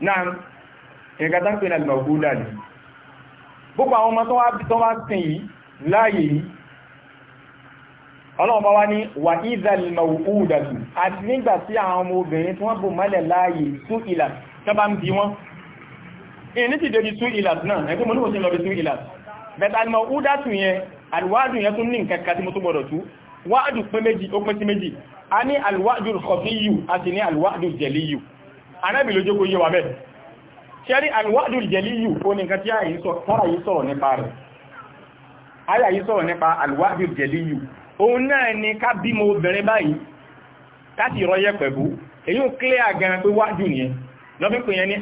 náà nǹkan tán pè ní àlùmọ̀gbúdà ni gbogbo àwọn ọmọ tó wá bí tó wá sìn yìí láàyè yìí ọlọ́run bá wá ní wà ìzàlùmọ̀gbúdàtù àti nígbà tí àwọn ọmọ obìnrin tí wọ́n bò mọ́lẹ̀ láàyè tú ìlà tó bá ń bí wọ́n ìní ti dèjì tú ìlà náà ẹgbẹ́ mo ní kò sí lọ bí anábì ló jókòó yé wa bẹ́ẹ̀ ṣẹ́rí alwádùn jẹ́lí yìí ó ní nǹkan tí a yìí sọ̀rọ̀ nípa rẹ̀ ayà yìí sọ̀rọ̀ nípa alwádùn jẹ́lí yìí òun náà ni ká bímọ obìnrin báyìí káti rọyẹ pẹ̀bú èyí ò kílẹ̀ àgẹran pé wájú yẹn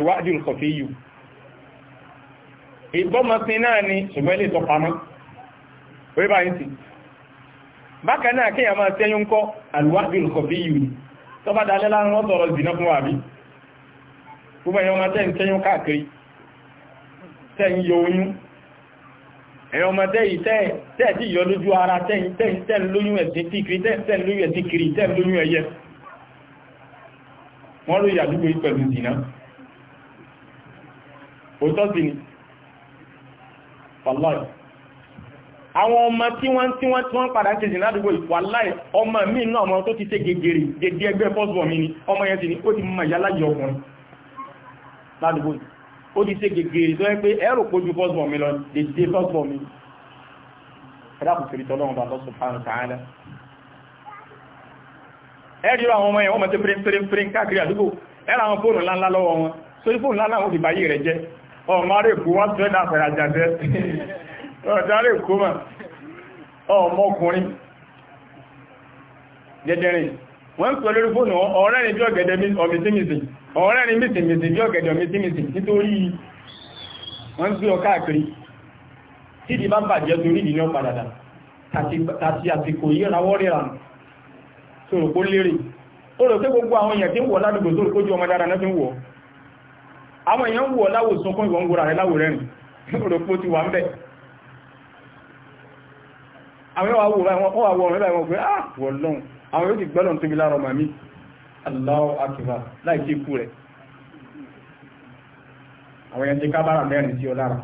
lọ́bí ìbọ́mọsìn náà ni ṣùgbọ́n ilé ìtọ́pamọ́ orí báyìí sí bákan náà kí àmà tẹ́yún kọ́ alwájú ìkọ̀bí yìí tó bá dalẹ́ láàrín wọ́n tọrọ ìdìnà fún wà bí púpọ̀ èyàn ọmọ tẹ́yìn tẹ́yún káàkiri tẹ́yìn yọ oyún èyàn ọmọ tẹ́yìn tẹ́ẹ̀tì kiri tẹ́yìn lóyún ẹ̀sìn kiri tẹ́yìn lóyún ẹyẹ wọ́n lóyún pẹ̀lú ìdìnà òótọ́ ni wàláì àwọn ọmọ tí wọ́n tí wọ́n tí wọ́n padà ṣe jìn ládùúgbò wàláì ọmọ mi náà ọmọ tó ti ṣe gègèrè gègé ẹgbẹ́ fọ́sbọ̀ mi ni ọmọ yẹn ti ní ó ti mọ ìyáláyé ọkùnrin ládùúgbò ó ti ṣe gègèrè tó yẹ pé ẹrù kojú fọ́sbọ̀ mi lọ dèjé fọ́sbọ̀ mi ẹ̀dàkùnfèrè tọ́lọ́run bá lọ́sùn fáàrùn tààlà ẹ̀rọ àwọn ọmọ ẹ̀wọ́n mọ̀ tí pírín pírín pírín káàkiri àdúgbò ẹ̀rọ àwọn fóònù ńláńlá ọmọdé kó wọ́n tẹ́ náà fẹ̀rẹ̀ àjàdẹ́ ọ̀dáré kó mọ̀ ọmọkùnrin gẹ́gẹ́rin wọ́n ń pẹ̀ lórí fóònù ọ̀rẹ́ ni bí ọ̀gẹ̀dẹ̀ ọmìtímìtì ọ̀rẹ́ ni mítìmìtì bí ọ̀gẹ̀dẹ̀ ọmìtímìtì nítorí wọ́n gbé ọ káàkiri tí di bá bàjẹ́ torí ìní ọ̀padàdà àti àsìkò yírawọ́ ríra sọ̀rọ̀ kó lérè ó rò pé gbogbo àwọn èèyàn tí ń wọ̀ ládùgbò tó rò kójú ọmọ dára náà fi ń wọ̀ àwọn èèyàn wò láwò sunkún ìwọ̀n gbòrà rẹ̀ láwò rẹ̀rìn òròpó ti wà ń bẹ̀ àwọn yóò wà ah, wọ ọ̀rẹ́ láwọn ọgbẹ́ àwọ̀ lọ́n àwọn yóò ti gbọ́lọ̀ tóbi lára ọmọ mi Allahu akbar láì sí ikú rẹ̀ àwọn èèyàn ti kábára mẹ́rin sí ọ lára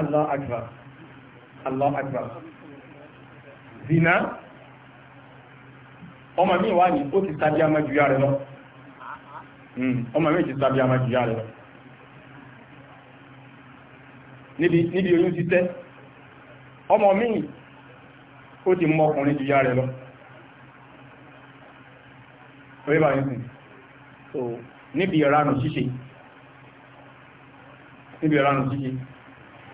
Allahu akbar Allahu akbar zina ọmọ mi wà ní ó ti tàbí amájú yára lọ́wọ́ Hmm. ọmọ mi ti sábí àmà jùyà rẹ̀ níbi oyún ti tẹ́ ọmọ mi ó ti mọ ọkùnrin jùyà rẹ̀ lọ orí bá yín so níbi ìranù ṣíṣe níbi ìranù ṣíṣe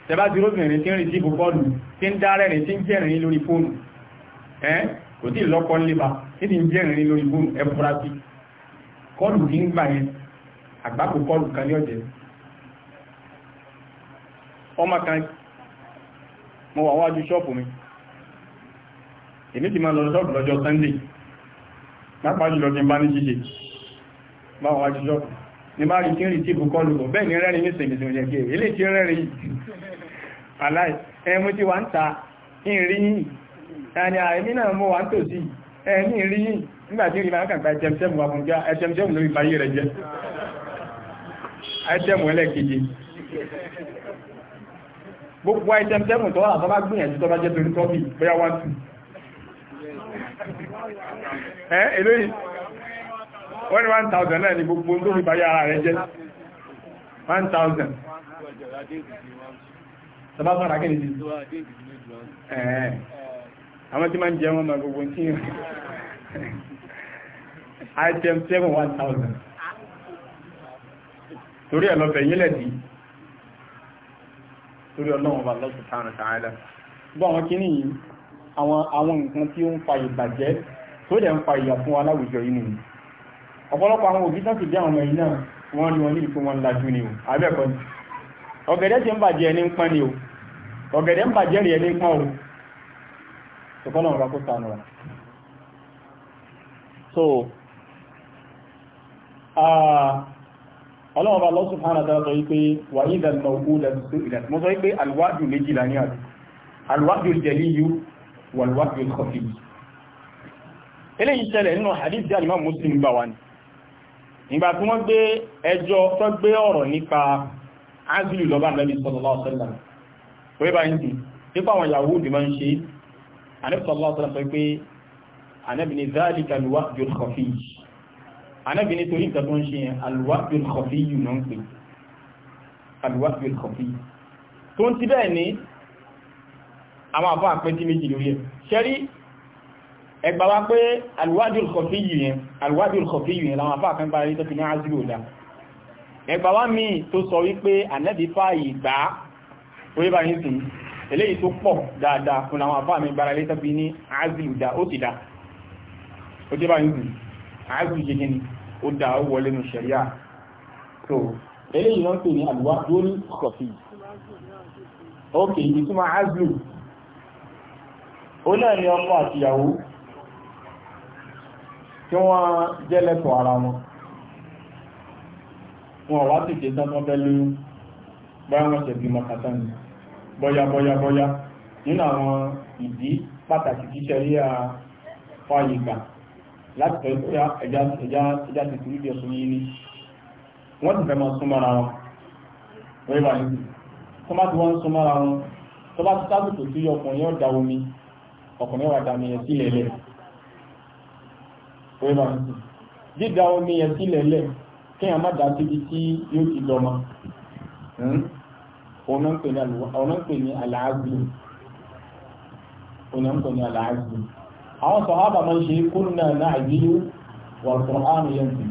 tẹbá ti róbìnrin tí ń rìn sí ìbùkọ́lù tí ń dárẹ́rin tí ń jẹ́rin lórí fóònù ẹ́ kò tí lọ́kọ́ nílé bá tí ń jẹ́rin lórí fóònù ẹ fura sí i kọlù ní gbà yẹn àgbákò kọlù kan ní ọ̀jẹ̀ ọmọ kan mo wà wájú ṣọ́ọ̀pù mi èmi ti máa lọ ṣọ́ọ̀pù lọ́jọ́ Sunday lápájú lọ ní bá ní ṣíṣe bá wà wájú ṣọ́ọ̀pù ní bá rí tí ń rí tí bùkọ́ lùgbọ̀ bẹ́ẹ̀ ni rẹ́rin ní sèmìsìn òjẹ̀ kí èlé tí rẹ́rin aláì ẹmú tí wà ń ta ìrìn yìí ẹni àìmí náà mú wà ń tòsí ẹ̀mí rí yìí nígbàtí rí máa kàgbà ẹjẹmjẹmù àbújá ẹjẹmjẹmù lórí ìbáyé rẹ̀ jẹ́ ẹjẹmù ẹlẹ́kejì gbogbo ẹjẹmjẹmù tó wà tó bá gbìyànjú tó bá jẹ́ torí tọ́bì bóyá wá tù ẹ́ èlò yìí wọ́n ní 1000 náà ni gbogbo tó fi ìbáyé ara rẹ̀ jẹ́ 1000 tọ́bá sọ́ra kí ni ẹ̀ẹ́ àwọn tí máa ń jẹ wọn máa gbogbo tí yàn item 7,000 torí ẹ̀ lọ́bẹ̀ yílẹ̀ dì torí ọlọ́run bá lọ́sùn tààrà tààrà bọ́ àwọn kìíní yìí àwọn nǹkan tí ó ń fa ìbàjẹ́ tó dẹ̀ ń fa ìyà fún aláwùjọ yìí nìyí ọ̀pọ̀lọpọ̀ àwọn òbí sáfì bí àwọn ọmọ yìí náà wọ́n ní wọn ní ìpín wọn lajú ni o abẹ́ẹ̀kọ́ ọ̀gẹ̀dẹ̀ ti ń bàjẹ́ ẹni ń pọ́n ni o ọ̀gẹ̀dẹ̀ ń bàjẹ́ rẹ̀ ẹni pọ́n o ṣùkọ́lọ̀ ọ̀rọ̀ kó sànù so ọlọ́wọ́ bá lọ́sùn hàn àtàrà sọ wípé wà ní ìdàlmà òkú lẹ́sùsù ìdà mọ́ sọ wípé alwájú méjìlá ní àdù alwájú jẹ́ muslim gbà wá ní ìgbà tí wọ́n gbé ẹjọ́ tó gbé ọ̀rọ̀ nípa azulu lọ́bà nabi yahudi máa anẹ́bùsọ̀lọ́ ọ̀sọ̀lọ́ sọ pé anẹ́bìnì záàlìkà alwaqtul khafiy anẹ́bìnì torí nǹkan tó ń ṣe alwaqtul khafiy yìí náà ń pè alwaqtul khafiy tó ń ti bẹ́ẹ̀ ní àwọn àbọ̀ àpẹ́ tí méjì lórí ẹ̀ ṣẹ́rí ẹgbà wá pé alwaqtul khafiy yìí yẹn alwaqtul khafiy yìí yẹn làwọn àbọ̀ àpẹ́ ń parí tó fi ní azúrò ọ̀dà ẹgbà wá míì tó sọ wípé anẹ́bì eléyìí tó pọ̀ dáadáa fún àwọn àfáà mi gbára létọ́ bí ní azilu dá ó ti dá ó jẹ́ báyìí nù azilu jẹ́ gẹ́ni ó dá ó wọlé nu ṣẹ̀ríà tó eléyìí wọ́n pè ní àlùwá lórí kọ̀fì ok ìtumọ̀ azilu ó náà ní ọkọ àtìyàwó tí wọ́n jẹ́ lẹ́tọ̀ọ́ ara wọn wọn wá sì ṣe tán tán fẹ́ lóyún báyọ̀ wọn ṣe bímọ kàtà bọ́yá bọ́yá bọ́yá nínú àwọn ìdí pàtàkì tí ṣẹ̀ríà fààyè gbà láti tọ́ ìpínlẹ̀ ẹja ẹja ẹja ti tìrú bí ọ̀sùn yìí ni wọ́n ti fẹ́ máa sún mọ́ra wọn wọ́n bá yìí tó bá ti wọ́n ń sún mọ́ra wọn tó bá ti sábùkù sí ọkùnrin yóò da omi ọkùnrin wà dà mí ẹ̀ sí ilẹ̀ wọ́n bá yìí dídá omi ẹ̀ sí ilẹ̀ kéèyàn má dá síbi tí yóò ti lọ́mọ hmm? ọ̀nà ń pè ní àlàágbì ọ̀nà ń pè ní àlàágbì àwọn sọ̀hábà máa ń ṣe kúnnà náà àgbíyú wà kùránù yẹn sí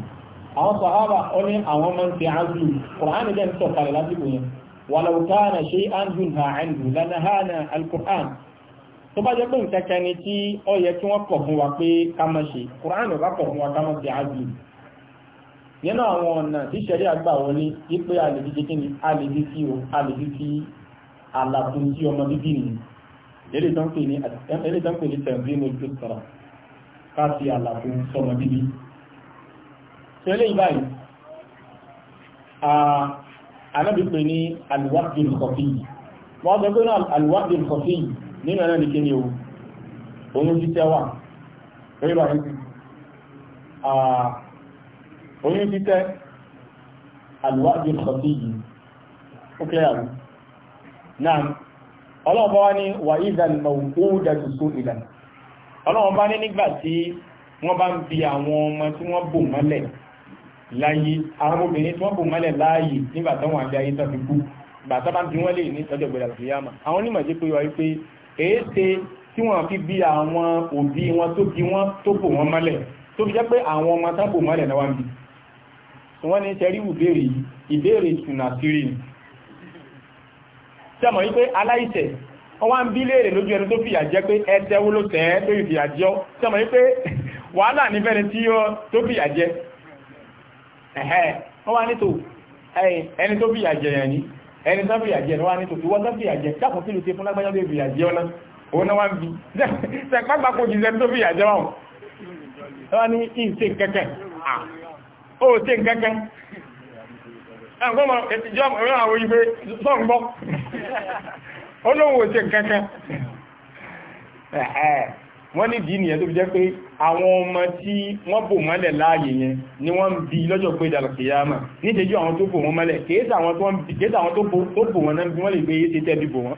àwọn sọ̀hábà ó ní àwọn máa ń fi ágbì kùránù jẹ́ ń sọ̀kalẹ̀ lásìkò yẹn wà lọ́wọ́tánà ṣe ángùn ha ángùn lánàhánà alkùrán tó nínú àwọn ọ̀nà tí ṣẹ̀rí àgbà wọlé wípé a lè fi kíni a lè fi sí o a lè fi sí àlàtún sí ọmọ bíbí ni eré tó ń pè ní tẹ̀m̀bí mo tó sọ̀rọ̀ ká fi àlàtún sọmọ bíbí ṣe lè báyìí anábì pè ní alwaqtul khafi wọ́n sọ pé náà alwaqtul khafi nínú ẹ̀rọ ní o òun ti tẹ́wà oyún títẹ́ alwájú ìkọ̀tí yìí ó kílẹ̀ àrùn náà ọlọ́ọ̀bá wá ní wà ìdánimọ̀ òódájú só ìdánù ọlọ́ọ̀bá ní nígbà tí wọ́n bá ń bi àwọn ọmọ tí wọ́n bò mọ́lẹ̀ láyé àwọn obìnrin tí wọ́n bò mọ́lẹ̀ láàyè nígbà tó wọ́n àbí ayé tó fi kú bàtà bá ń bi wọ́n lè ní ìtọ́jú ìgbẹ̀dà sí yàmà àwọn onímọ̀ jẹ́ pé wáyé pé èéṣe tí wọ́n fi bí àwọn òbí wọn tó bí wọ́n tó bò wọ́n mọ́lẹ̀ tó fi jẹ́ pé àwọn ọmọ tó bò mọ́lẹ̀ náà wá ń bi wọ́n ní tẹríwù béèrè ìbéèrè ìtùnàfírí tẹ́mọ̀ wípé aláìṣẹ̀ wọ́n wá ń bí léèrè lójú ẹni tó fìyà jẹ́ pé ẹsẹ̀ wó ló tẹ́ ẹ́ tó ìfìyà jẹ́ ọ́ tẹ́mọ̀ wípé wàhálà nífẹ́ni tí ó tó fìyà jẹ́ wọ́n wá nítò ẹni tó fìyà jẹ́ yẹn ni ẹni tó fìyà jẹ́ wọ́n wá nítò ìwọ́n tó fìyà jẹ́ dákùn kí ló ṣe fún lágbájá tó fìyà jẹ́ ọ́nà òun náà wá ń bí sẹ́pàgbàkó jù sẹ́ni tó fìyà jẹ́ ó tí n kankan ẹgbọ́n ẹ̀tìjọ́ ọ̀rẹ́ àwọn ìgbé sọ́ǹgbọ́ olóhùn òtí n kankan wọ́n ní dìí nìyẹn tó fi jẹ́ pé àwọn ọmọ tí wọ́n bò mọ́lẹ̀ láàyè yẹn ni wọ́n ń bi lọ́jọ́ pé dàlùkìyàmà níṣẹ́jú àwọn tó bò wọ́n mọ́lẹ̀ kèésà àwọn tó bò wọ́n náà bí wọ́n lè gbé yé tẹ́ bí bò wọ́n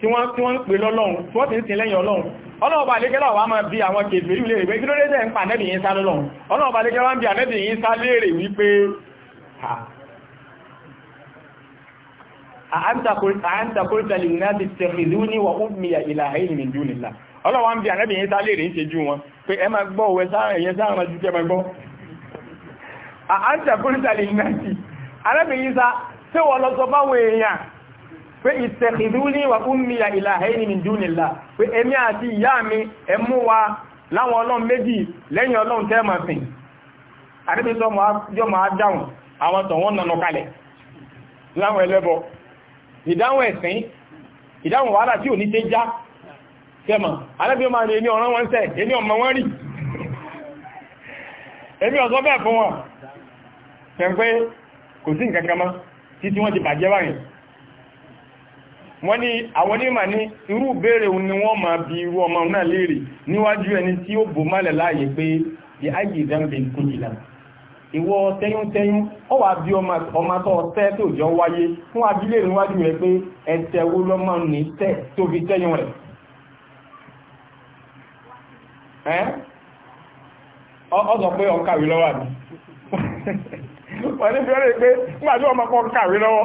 tí wọ́n tí wọ́n ń pè lọ́lọ́run tí wọ́n ti ń sin lẹ́yìn ọlọ́run ọlọ́ọ̀bà lékẹ́lá wà máa bí àwọn kèfèrí lè rẹ̀ kí ló lé tẹ́ ń pa nẹ́bì yín sá lọ́lọ́run ọlọ́ọ̀bà lékẹ́lá ń bí ànẹ́bì yín sá léèrè wípé àántakórítalì náà ti tẹ̀kìlú ní wà ọmọmìyà ìlàhà ìlú ìlú nìlá ọlọ́wà ń bí ànẹ́bì yín sá léèrè ń ṣe pé ìtẹ̀kìdúní wà ummiya ilahaini min dunillah pé èmi àti ìyá mi ẹmú wa láwọn ọlọ́run méjì lẹ́yìn ọlọ́run tẹ́ máa sìn àdébísọ́ yóò máa dáhùn àwọn tọ̀wọ́n nanú kalẹ̀ láwọn ẹlẹ́bọ ìdáhùn ẹ̀sìn ìdáhùn wàhálà tí ò ní tẹ́ já tẹ́mà alẹ́bí ma ní ẹni ọ̀rán wọn sẹ́ ẹni ọmọ wọn rí ẹni ọ̀sọ́ bẹ́ẹ̀ fún wọn tẹ́ wọ́n ní àwọn onímọ̀ ní irú béèrè ni wọ́n máa bi irú ọmọ náà léèrè níwájú ẹni tí ó bò mọ́lẹ̀ láàyè pé di ayé ìdánbẹ̀ ìkójìlá ìwọ tẹ́yúntẹ́yún ó wà bí ọmọ tó ọtẹ́ tó jọ wáyé fún abílẹ̀ níwájú rẹ̀ pé ẹ̀tẹ̀ wo lọ́mọ ní tẹ́ tó fi tẹ́yún rẹ̀ ọ̀sọ̀ pé ọkàwé lọ́wọ́ àbí wọ́n ní bí wọ́n lè pé nígbàtí ọmọ kan kàwé lọ́wọ́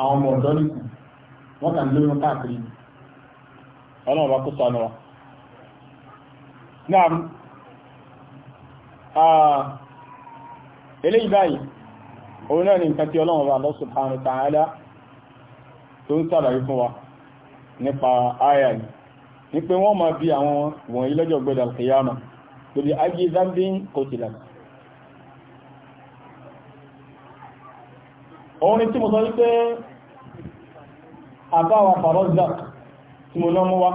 àwọn ọmọ ọ̀dọ́ nìkú wọ́n kàn lóyún káàkiri ọlọ́run bá kó sọnù wa. náà ah, eléyìí báyìí òun náà ni nǹkan tí ọlọ́run bá lọ́sùn subhanahu wa ta'ala tó ń sàlàyé fún wa nípa àyà yìí ní pé wọ́n máa bi àwọn wọ̀nyí lọ́jọ́ gbọ́dọ̀ al-qiyamah lórí ayé zambin kòtìlá òun ni tí mo sọ wípé àbáwà farozda tí mo náà mú wá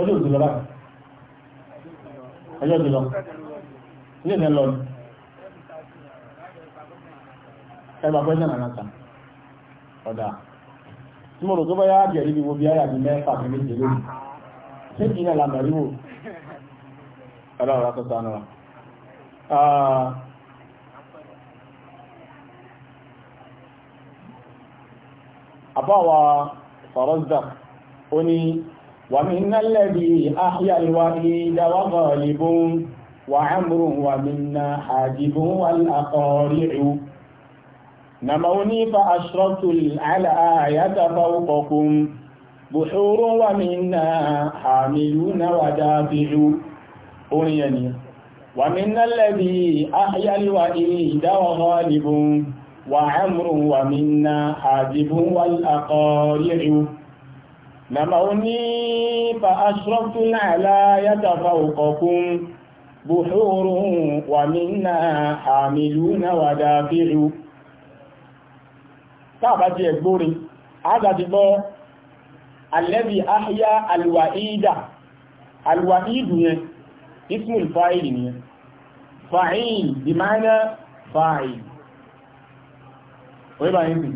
ọjọ́ òjò lọ́la ọjọ́ òjò lọ ilé ìdẹ́ lọ ẹgbà pẹ́sẹ̀ náà náà ọ̀dà tí mo rò tó bá yá àjẹ́ níbi wo bí áyà bí mẹ́fà bí méje lórí tí ìyẹn làmàríwò ọ̀dà ọ̀rọ̀ tó sánú àbáwa farozda ó ní wà mí nálẹ́bí àhíyà ìwà ìdáwà gọ̀ọ̀lìbùn wà ámùrùn wà mí na àjìbùn wà lákọ̀ọ́rí ìrù نموني فأشرت الآية فوقكم بحور ومنا حاملون ودافع أريني ومن الذي أحيا الوئيد وغالب وعمر ومنا حاجب والأقارع نموني فأشرفت العلاية فوقكم بحور ومنا حاملون ودافع تابتي الدوري هذا تبو الذي أحيا الوعيدة الوعيد اسم الفاعل فاعل بمعنى فاعل orí báyìí bì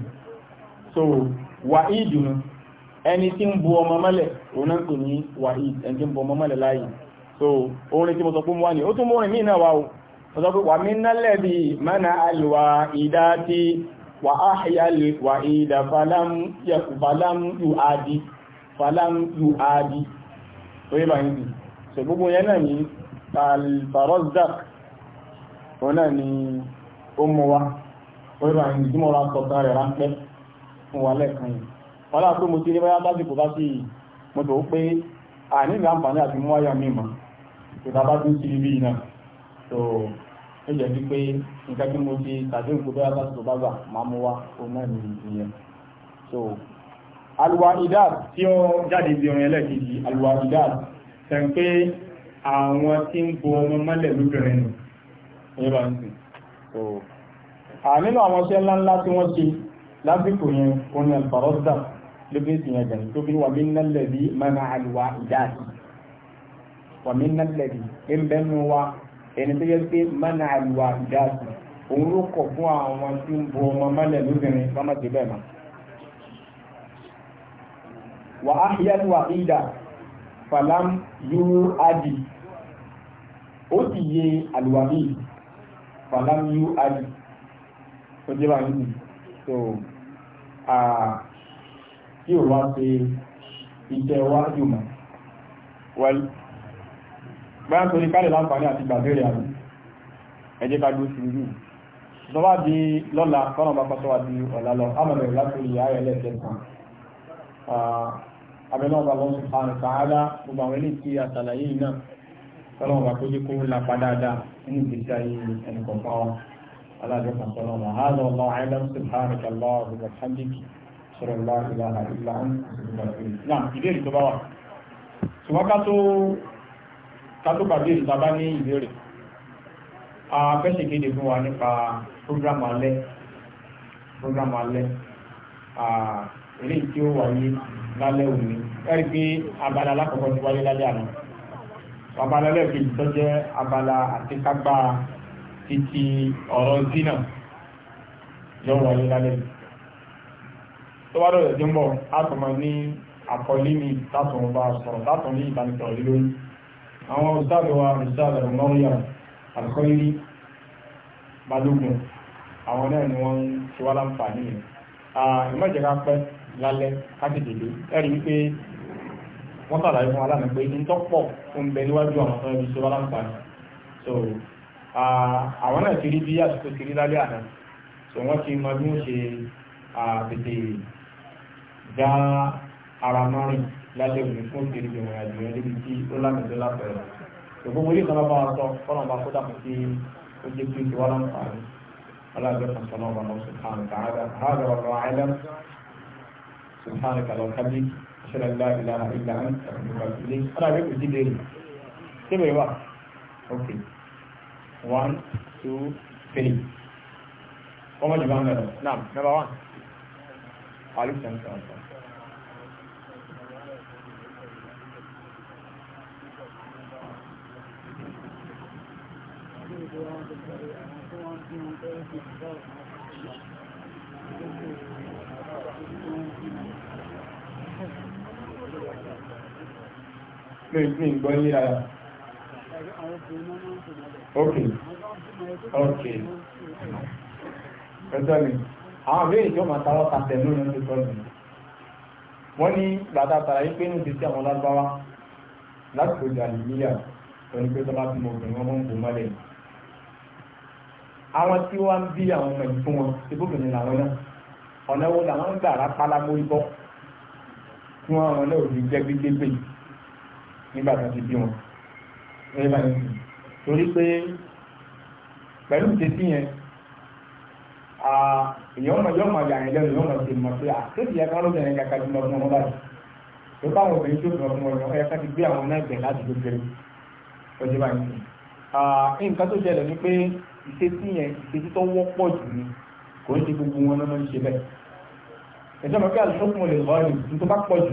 so wa'id nù ẹni tí ń bu ọmọ mọ́lẹ̀ òun náà ń pè ní wa'id ẹni tí ń bu ọmọ mọ́lẹ̀ láàyè so orin tí mo sọ pé mo wá ní ó tún mú orin náà wá mo sọ pé wà mí nálẹ̀ bí mana àlùwà ìdá tí wà áhìyà lè wà ìdá falam yu adi falam yu adi orí báyìí bì so gbogbo yẹn náà pẹ̀lú àwọn ìdímọ̀ ra sọ̀tàn rẹ̀ ráńpẹ́ fún wa lẹ́ẹ̀kan yìí wọ́n láà pé mo ti rí báyá lásìkò bá sí mo tó pé àníbi àǹfààní àti mú àyà mímọ̀ ìta bá tún sí ibi náà tó ó jẹ́ sí pé nǹkan tí mo ti tàbí nǹkan báyá lásìkò bá gbà máa mú wá òun náà ní ìyẹn so aluwa idad tí ó jáde bí orin ẹlẹ́ẹ̀kejì aluwa idad tẹ̀ pé àwọn tí ń bo ọmọ mọ́lẹ̀ lóbìnrin nù ní bá ń sìn àmínú àwọn iṣẹ́ ńláńlá tí wọ́n ṣe lásìkò yẹn oní alfarọ́dà lóbìsì yẹn gẹ̀ẹ́ tó fi wà mí nálẹ̀bí mẹ́nà àlùwà ìdáàdì wà mí nálẹ̀bí ń bẹ́nu wa ẹni tó yẹ pé mẹ́nà àlùwà ìdáàdì òun ló kọ̀ fún àwọn tí ń bo ọmọ mẹ́lẹ̀ lóbìnrin bá ti bẹ́ẹ̀ mọ́ wà á yẹ wà ìdá falam yúrú ádì ó sì yé àlùwà míì falam yúrú ádì tó jẹ́ bá nínú so tí ò wá ṣe iṣẹ́ wájú mọ̀ wẹ́l bá ń torí kálẹ̀ láǹfààní àti gbàbẹ̀rẹ̀ àrùn ẹjẹ́ ká gbóṣù rú ìjọba di lọ́la kọ́nà bá pàtó wà di ọ̀la lọ ámọ̀lẹ̀ látòrí ayẹ̀ lẹ́ẹ̀kẹ́sàn abẹ́nà ọba lọ́sùn fàánù sàádá gbogbo àwọn ilé tí àtàlàyé náà kọ́nà ọba tó jẹ́ kó lápá dáadáa nínú ìgbésí ayé ẹnìkọ̀ọ̀kan wọn alájọpọ sọlọ ọmọ hàn ọmọ àìlẹm subhanahu kàlọ ọmọ alhamdik sọrọ lọ ìlànà ìlànà náà ìbéèrè tó bá wà ṣùgbọ́n ká tó ká tó pàdé ìtàbá ní ìbéèrè a fẹ́sẹ̀ kéde fún wa nípa program alẹ́ program alẹ́ eléyìí tí ó wáyé lálẹ́ òní ẹ̀rí pé abala alákọ̀ọ́kọ́ ti wáyé lálẹ́ àná abala lẹ́ẹ̀kejì tó jẹ́ abala àtikágbá titi ọ̀rọ̀ zina yóò wáyé lálẹ́ tó wá lọ́rẹ̀ jùmọ̀ látọ̀mọ̀ ní àkọlí mi látọ̀mọ̀ bá sọ̀rọ̀ látọ̀ ní ìbánisọ̀rọ̀ lórí àwọn òṣàlọ́wà òṣàlọ́rọ̀ mọ́ríà alkọ́lí balógun àwọn náà ni wọ́n ti wá láǹfààní rẹ̀ ìmọ̀jẹ̀ká pẹ́ lálẹ́ káṣìdèlé ẹ̀rí wípé wọ́n sàlàyé fún aláàmì pé ní tọ́pọ̀ ń bẹ níwájú àwọn ọ̀sán ibi tí wá láǹfààní àwọn náà ti rí bí àsìkò ti rí lálẹ́ àná so wọ́n ti mọ bí wọ́n ṣe tètè já ara mọ́rin lálẹ́ òní fún ìrìn ìrìn àjò yẹn níbi tí ó lámìdó lápẹ̀rẹ̀ so gbogbo ilé kan bá sọ fọ́nà bá kó dàpọ̀ sí ó jẹ́ pé ìwà láǹfààní ọlọ́dún kan sọ náà lọ sùkàn káàdà káàdà wọn lọ àìlẹ sùkàn kàlọ́ kábí ṣẹlẹ̀ láìláà one two three wọ́n mọ̀ jù bá ń bẹ̀rẹ̀ náà number one alif sẹ́mi sọ̀rọ̀ sọ̀rọ̀. Lè gbìn ok ok ẹjọ́ mi àwọn àbẹ́yìn tí ó máa tàwọn kàtẹ̀ lórí ọdún tó lù wọ́n ní bàtà tàrà yí pé ní ti sí àwọn lágbáwá láti kó jàlì níyà pẹ̀lú pé tọ́lá tí mo bẹ̀rẹ̀ wọn ń bò mọ́lẹ̀ àwọn tí wọ́n ń bí àwọn ọmọ yìí fún wọn ti bóbìnrin làwọn náà ọ̀nà wo làwọn ń gbà rápálá mórí bọ́ fún àwọn náà ò ní jẹ́ gbígbégbé nígbà tó ti bí wọn ẹ̀rọ ìrìn torí pé pẹ̀lú ìtẹ́sí yẹn èèyàn ọmọ yọmọ yà yẹn lẹ́nu yọmọ ti mọ̀ pé àtẹ́sí ẹ̀ka ló bẹ̀rẹ̀ kàkà jùlọ fún ọmọ báyìí tó bá àwọn obìnrin tó fún ọmọ ọmọ ẹ̀ka ti gbé àwọn náà bẹ̀ láti kékeré ọjọ́ báyìí nǹkan tó ṣẹlẹ̀ ni pé ìtẹ́sí yẹn ìtẹ́sí tó wọ́pọ̀ jù ni kò ń ṣe gbogbo wọn náà ń ṣe bẹ́ẹ̀ ẹ̀jọ̀ mọ̀ pé àlùfọ́kùn olè lọ́ọ̀rì tó bá pọ̀ jù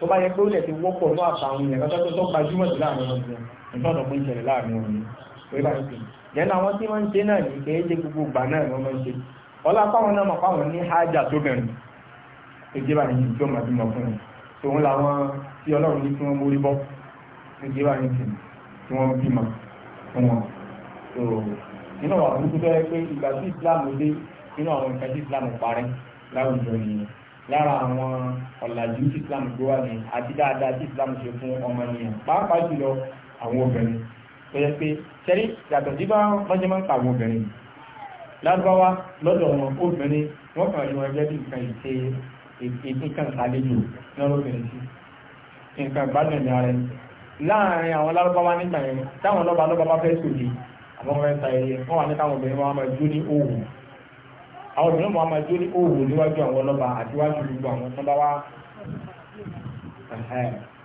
tó bá yẹ pé ó lẹ̀ ti wọ́pọ̀ ní àtàwọn èèyàn lọ́jọ́ tó tó gbajúmọ̀ sí láàrin wọn jù nǹkan ọ̀dọ̀ fún ìṣẹ̀lẹ̀ láàrin wọn ni pé bá ń sìn yẹn àwọn tí wọ́n ń ṣe náà ní kìí ṣe gbogbo ìgbà náà ni wọ́n máa ń ṣe ọlá fáwọn náà mọ̀ fáwọn ní hájà tó bẹ̀rù tó jẹ́ báyìí tó máa bímọ fún wọn tòun làwọn tí ọlọ́run ní kí wọ́n mórí bọ́ tó jẹ́ báyìí sìn tí wọ́n bímọ fún wọn tó nínú àwọn àbúrúkú tó yẹ pé ìgbà tí Islam dé nínú àwọn ìkàtí Islam parí láwùjọ nìyẹn lára àwọn ọ̀làjú tí islam gbé wà ní àti dáadáa tí islam ṣe fún ọmọnìyàn pàápàá jùlọ àwọn obìnrin tó yẹ pé sẹ́rí yàtọ̀ sí bá wọ́n ṣe máa ń pa àwọn obìnrin lárúbáwá lọ́dọ̀ wọn obìnrin wọ́n kàn rí wọn gẹ́gẹ́ bí nǹkan ìṣe ìpínkan àlejò lọ́rọ̀bìnrin sí nǹkan ìgbádùn ní ara ẹni láàárín àwọn lárúbáwá nígbà yẹn táwọn lọ́ba lọ́ba bá fẹ́ sòdì àwọn ọmọ ẹ̀ta ẹ̀yẹ wọ́n wà ní táwọn obìnrin wọn máa jó ní òòrùn àwọn ìdílé mọ́ àmàjò ní òwò níwájú àwọn ọlọ́ba àti wájú gbogbo àwọn tó bá wá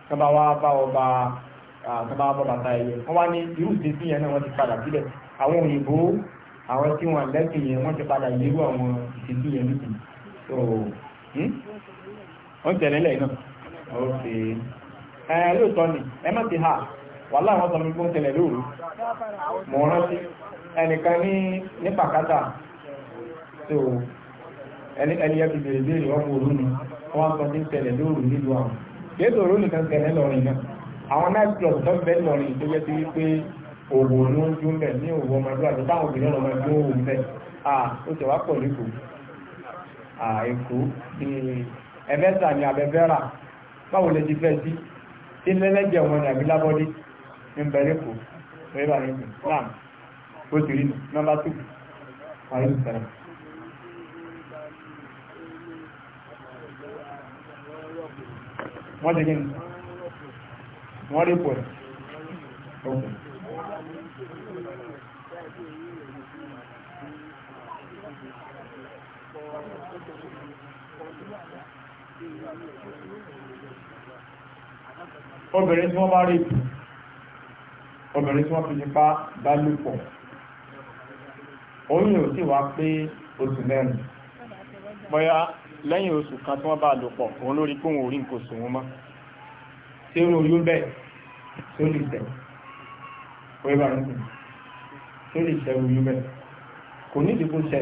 tó bá wá bá ọba tó bá wá bá bàtà ẹ̀yẹ wọ́n wá ní irú ìdésí yẹn náà wọ́n ti padà sílẹ̀ àwọn òyìnbó àwọn tí wọ́n lẹ́sìn yẹn wọ́n ti padà yẹ̀wò àwọn ìdésí yẹn nìkú so wọ́n hmm? tẹ̀lé lẹ́yìn náà ok ẹ lóòótọ́ ni ẹ má ti hà wàhálà àwọn sọmọ gbọ́n tẹ̀lé lóòrù mọ̀ rántí ẹnìkan ní ní pàkátà tó ẹni ẹlẹ́yẹ ti bèrè bèrè wọ́n kò lónìí wọ́n sọ pé tẹ̀lẹ̀ lóòrù nílùú àwọn kéèdò òrùn nìkan tẹ̀lẹ̀ lọ́rin náà àwọn náà club tó bẹ́ẹ̀ lọ́rin tó jẹ́ sí wípé òwò ló ń dún bẹ̀ ní òwò ọmọdé àti táwọn obìnrin ọmọ ẹgbẹ́ òwò bẹ̀ à ó ti wá pọ̀ lẹ́kọ̀ọ́ à èkó ni ẹ̀mẹ́ta ni abẹ́fẹ́ rà báwo lè ti fẹ́ sí tí lẹ́lẹ́jẹ̀ wọn ni àbí lábọ́dé ń bẹ lẹ́kọ̀ọ́ rẹ́bà lẹ́kọ̀ọ́ náà ó ti rí nọ́mbà 2 wàhálà wọ́n ti gíní wọ́n rí pọ̀ obìnrin tí wọ́n bá rí pù obìnrin tí wọ́n fi nípa bá lúpọ̀ oyún ò sì wá pé oṣù mẹ́rin bóyá lẹ́yìn oṣù kan tí wọ́n bá lò pọ̀ òun lórí pé òun ò rí nǹkan oṣù wọn mọ́ tí ó lóyún bẹ́ẹ̀ tí ó lè tẹ̀ wọ́n bá rẹ̀ tí ó lè tẹ̀ oyún bẹ́ẹ̀ kò ní ìdìbò tẹ̀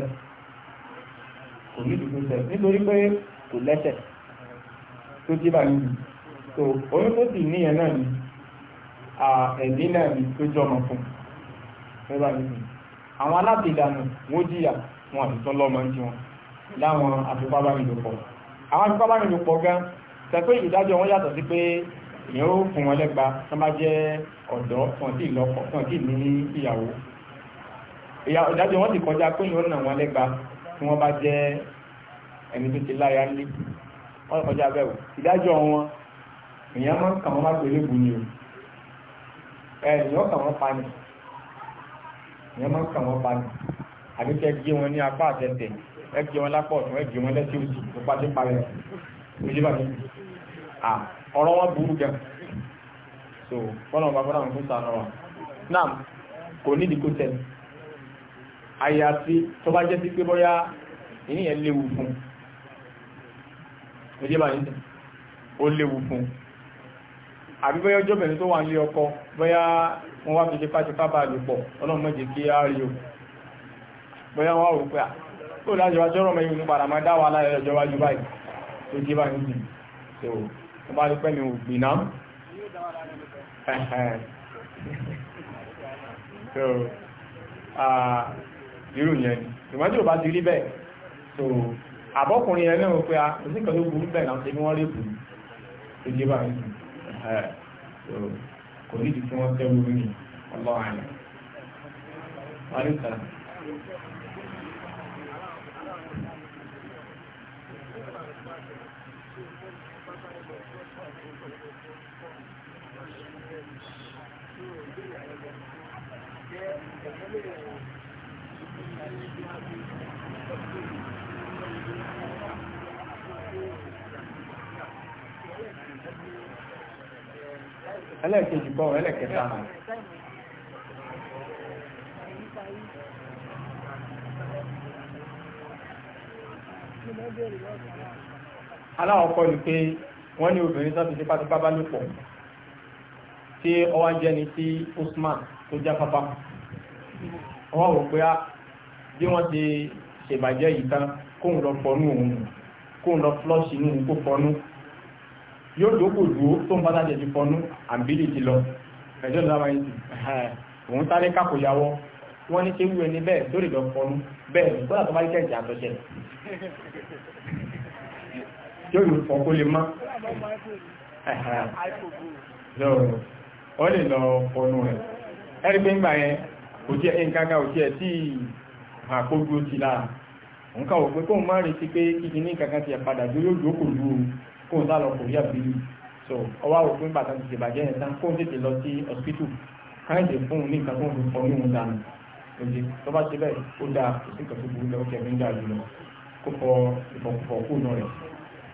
kò ní ìdìbò tẹ̀ nítorí pé kò lẹ́sẹ̀ tó jí bá níbi tó oyún tó sì níyẹn náà ni ẹ̀mí náà ni tó jọmọ fún wọ́n bá níbi àwọn alátìdánù wọ́n jìyà wọn àti tán lọ́mọ ń jí wọn láwọn àfipábánilòpọ̀ àwọn àfipábánilòpọ̀ gan tẹ́pẹ́ ìdájọ́ wọn yàtọ̀ sí pé èèyàn ó fún wọn lẹ́gba tó bá jẹ́ ọ̀dọ́ fún tí ìlọ́pọ̀ fún tí ní ìyàwó ìdájọ́ wọn ti kọjá pé èèyàn nà wọn lẹ́gba tí wọ́n bá jẹ́ ẹni tó ti láyà lé wọ́n kọjá bẹ́ẹ̀ ìdájọ́ wọn èèyàn máa ń kà wọ́n má gbélé bù ni o èèyàn kà wọ́n pa ni èèyàn máa ń kà wọ́n pa ni àbíkẹ́ gé wọn ní apá àtẹ̀tẹ̀ ẹgbẹ́ wọn lápọ̀ ọ̀tún ẹgbẹ́ wọn lẹ́sí òsì tó pàdé parẹ́ ojú bàbí à ọ̀rọ̀ wọn burú gan so bọ́lá wọn bá bọ́lá wọn fún sànà wa náà kò ní ìdíkó tẹ àyàfi tó bá jẹ́ sí pé bóyá ìníyẹn léwu fún ojú bàbí ó léwu fún àbí bóyá ọjọ́ bẹ̀rẹ̀ tó wà nílé ọkọ bóyá wọn wá fi ṣe pátipá bá pọ̀ ọlọ́run kí á rí o bóyá wọn wá rò pé tó láti wá jọ́rọ̀ mẹ́yìn ní padà máa dáwà aláyọ̀ ìjọba jù báyìí tó jí bá ń jì tó wọ́n bá rí pẹ́ mi ò gbìnà so irú yẹn ni ìwọ́n tí ò bá ti rí bẹ́ẹ̀ so àbọ́kùnrin yẹn náà pé a kò sí kan tó burú bẹ́ẹ̀ náà ṣe bí wọ́n rí bù tó jí bá ń jì kò ní ìdí tí wọ́n tẹ́wọ́ ní ọlọ́run àná. Wọ́n ẹlẹ́ẹ̀kejì bọ́ ẹlẹ́ẹ̀kẹta náà aláwọ̀kọ́ ni pé wọ́n ní obìnrin tó ti ṣe pátápátá lópọ̀ tí ọwá jẹ́ni tí Usman tó jáfáfá wọ́n rò pé ah, bí wọ́n ti ṣèbàjẹ́ yìí tán kóun lọ fọnú òun kóun lọ flọ́ọ̀ṣì inú kó fọnú yóò dókò dúró tó ń bá dájẹ́ ti fọnú àbílì ti lọ ẹjọ́ ìdáwà yìí ti òun sáré kápò yàwó wọ́n ní ṣe wú ẹni bẹ́ẹ̀ tó lè lọ fọnú bẹ́ẹ̀ ní kódà tó bá jẹ́ ìjà àtọ́jẹ́ yóò yóò fọ kó lè má ọ lè lọ fọnú rẹ̀ ẹ̀rí pé ń gbà yẹn kò jẹ́ ẹnkankan ò jẹ́ tí àkójú ti lára nǹkan ò pé kóun máa retí pé kíkí ní kankan ti padà dúró lókò lu kóun sá lọ kò rí àbílù so ọwọ́ àwọn òpin bàtà ti ṣèbàjẹ́ yẹn tán kóun tètè lọ sí hospital káyọ̀dé fún un ní nǹkan tó ń fi fọnú òun dànù òye tó bá ṣe bẹ́ẹ̀ ó dáa kò sí nǹkan tó burú lọ́wọ́ kẹ́mi ń dà jùlọ kó fọ ìfọkùfọ kóònù rẹ̀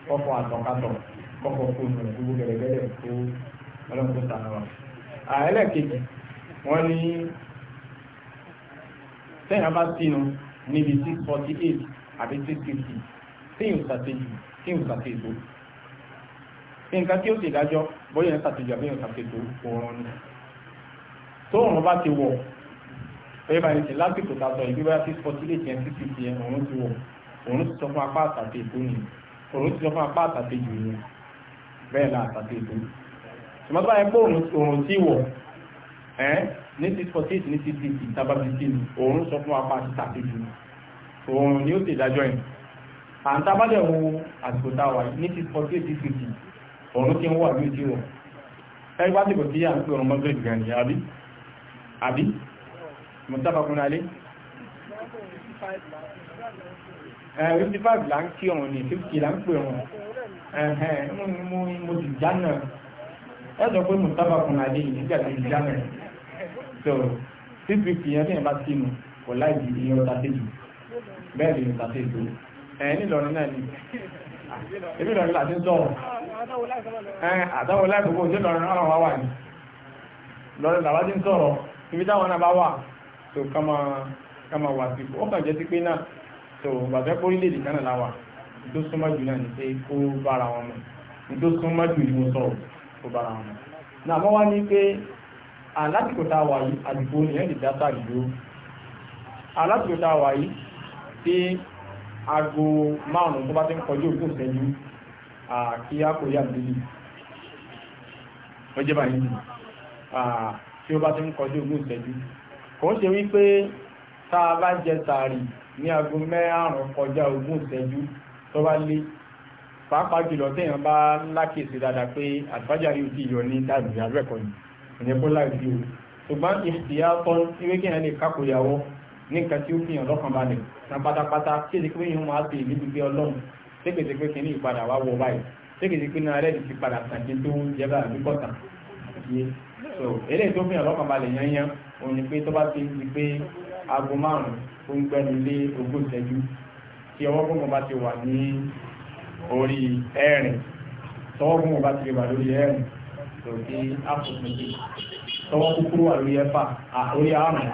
kọ́fọ́ àtọ̀kátọ̀ kọ́fọ́ kóònù rẹ̀ gbogbo gẹ̀rẹ́gẹ́rẹ́ tó ọlọ́run tó tẹ́yìn bá sínú níbi six forty eight àbí six fifty tẹ́yìn ṣàtẹ́jù tẹ́yìn ṣàtẹ́jù nǹkan tí ó ti dájọ́ bóyá ní ṣàtẹ́jù àbí ní ṣàtẹ́jù oorun ni tó òun bá ti wọ̀ bẹ́ẹ̀ bá ní ti lásìkò tá a sọ ìgbé bóyá six forty eight yẹn six fifty yẹn òun ti wọ̀ òun ti sọ fún apá àtàtẹ́jù ni òun ti sọ fún apá àtàtẹ́jù ni bẹ́ẹ̀ la àtàtẹ́jù ṣùgbọ́n tó bá yẹ ní six forty eight ní six fifty tàbá fifteen òun sọ fún apá àti tàbíjù òun ni ó ti dájọ́ yìí à ń tábàdẹ̀ wo àsìkò tá a wà ní six forty eight six fifty òun ti ń wà bí ó ti wọ̀ ẹgbẹ́ bá ti bọ̀ sí à ń pè ọ̀run mọ́gbẹ́rì gan ni àbí àbí mọ̀tàbà kún alé fifty five là ń kí ọ̀run ní fifty là ń pè ọ̀run ẹ̀hẹ̀n mo ti jánà ẹ sọ pé mọ̀tàbà kún alé ìdíjà ti jánà so títí kìyàn ní ẹ̀bá sínú kò láìsí iye ọta tẹ́jù bẹ́ẹ̀ lè ọta tẹ́jù ẹ̀ nílọrin náà ni èmi ah, lọrin láti ń sọ̀rọ̀ àtàwọ̀ láìpọ̀pọ̀ tí lọrin náà wà ní lọrin làwá ti ń sọ̀rọ̀ ibi táwọn náà bá wà kama wà sí ó kàn jẹ́ sí pé náà so gbàgbẹ́ pórílẹ̀-èdè kan láwà tó súnmọ́ jù náà ní pé kó bára wọn tó jù ní alásìkò tá a wà yìí àdìbò ni ẹ̀rì dátà dúró alásìkò tá a wà yìí tí aago márùn-ún tó bá ti ń kọjú òkú ìṣẹ́jú kí a kò yá bíbí ó jẹ́ báyìí nù tí ó bá ti ń kọjú òkú ìṣẹ́jú kò ń ṣe wípé tá a bá jẹ sàárì ní aago mẹ́rànún kọjá ogún ìṣẹ́jú tó bá lé pàápàá jùlọ téèyàn bá lákèsí dáadáa pé àlùfájà yóò ti yọ ní táàbù àbẹ́kọ̀ọ́ yìí ìyẹn bó láì fi o ṣùgbọ́n ìyá tọ́ ìwé kí ẹ̀ lè kápò ìyàwó ní nǹkan tí ó fi hàn lọ́kàn balẹ̀ na pátápátá tí èdè pé yìí máa bèèrè níbi pé ọlọ́run ti so eléyìí tó fi hàn lọ́kàn balẹ̀ yányán òun di pé aago márùn-ún ó ń gbẹ́nu lé ogún ìṣẹ́jú tí ọwọ́ gbọ́ngàn bá ti wà ní orí ẹ̀rìn tọ́wọ́ gbọ́ngàn bá ti wà lórí ẹ̀rìn òkè ápùsùnmí tọwọ́ kúkúrú wà lórí ẹ̀fà àórí àrùn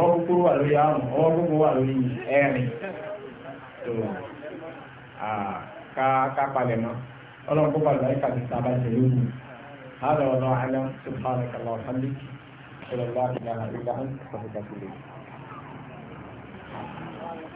ọwọ́ kúkúrú wà lórí àrùn ọwọ́ gbogbo wà lórí ẹ̀rin tó ká palẹ̀ mọ́ ọlọ́run kó palẹ̀ láìka ti sábà ṣe lóru هذا والله أعلم سبحانك اللهم وبحمدك أشهد أن لا إله إلا أنت أستغفرك وأتوب إليك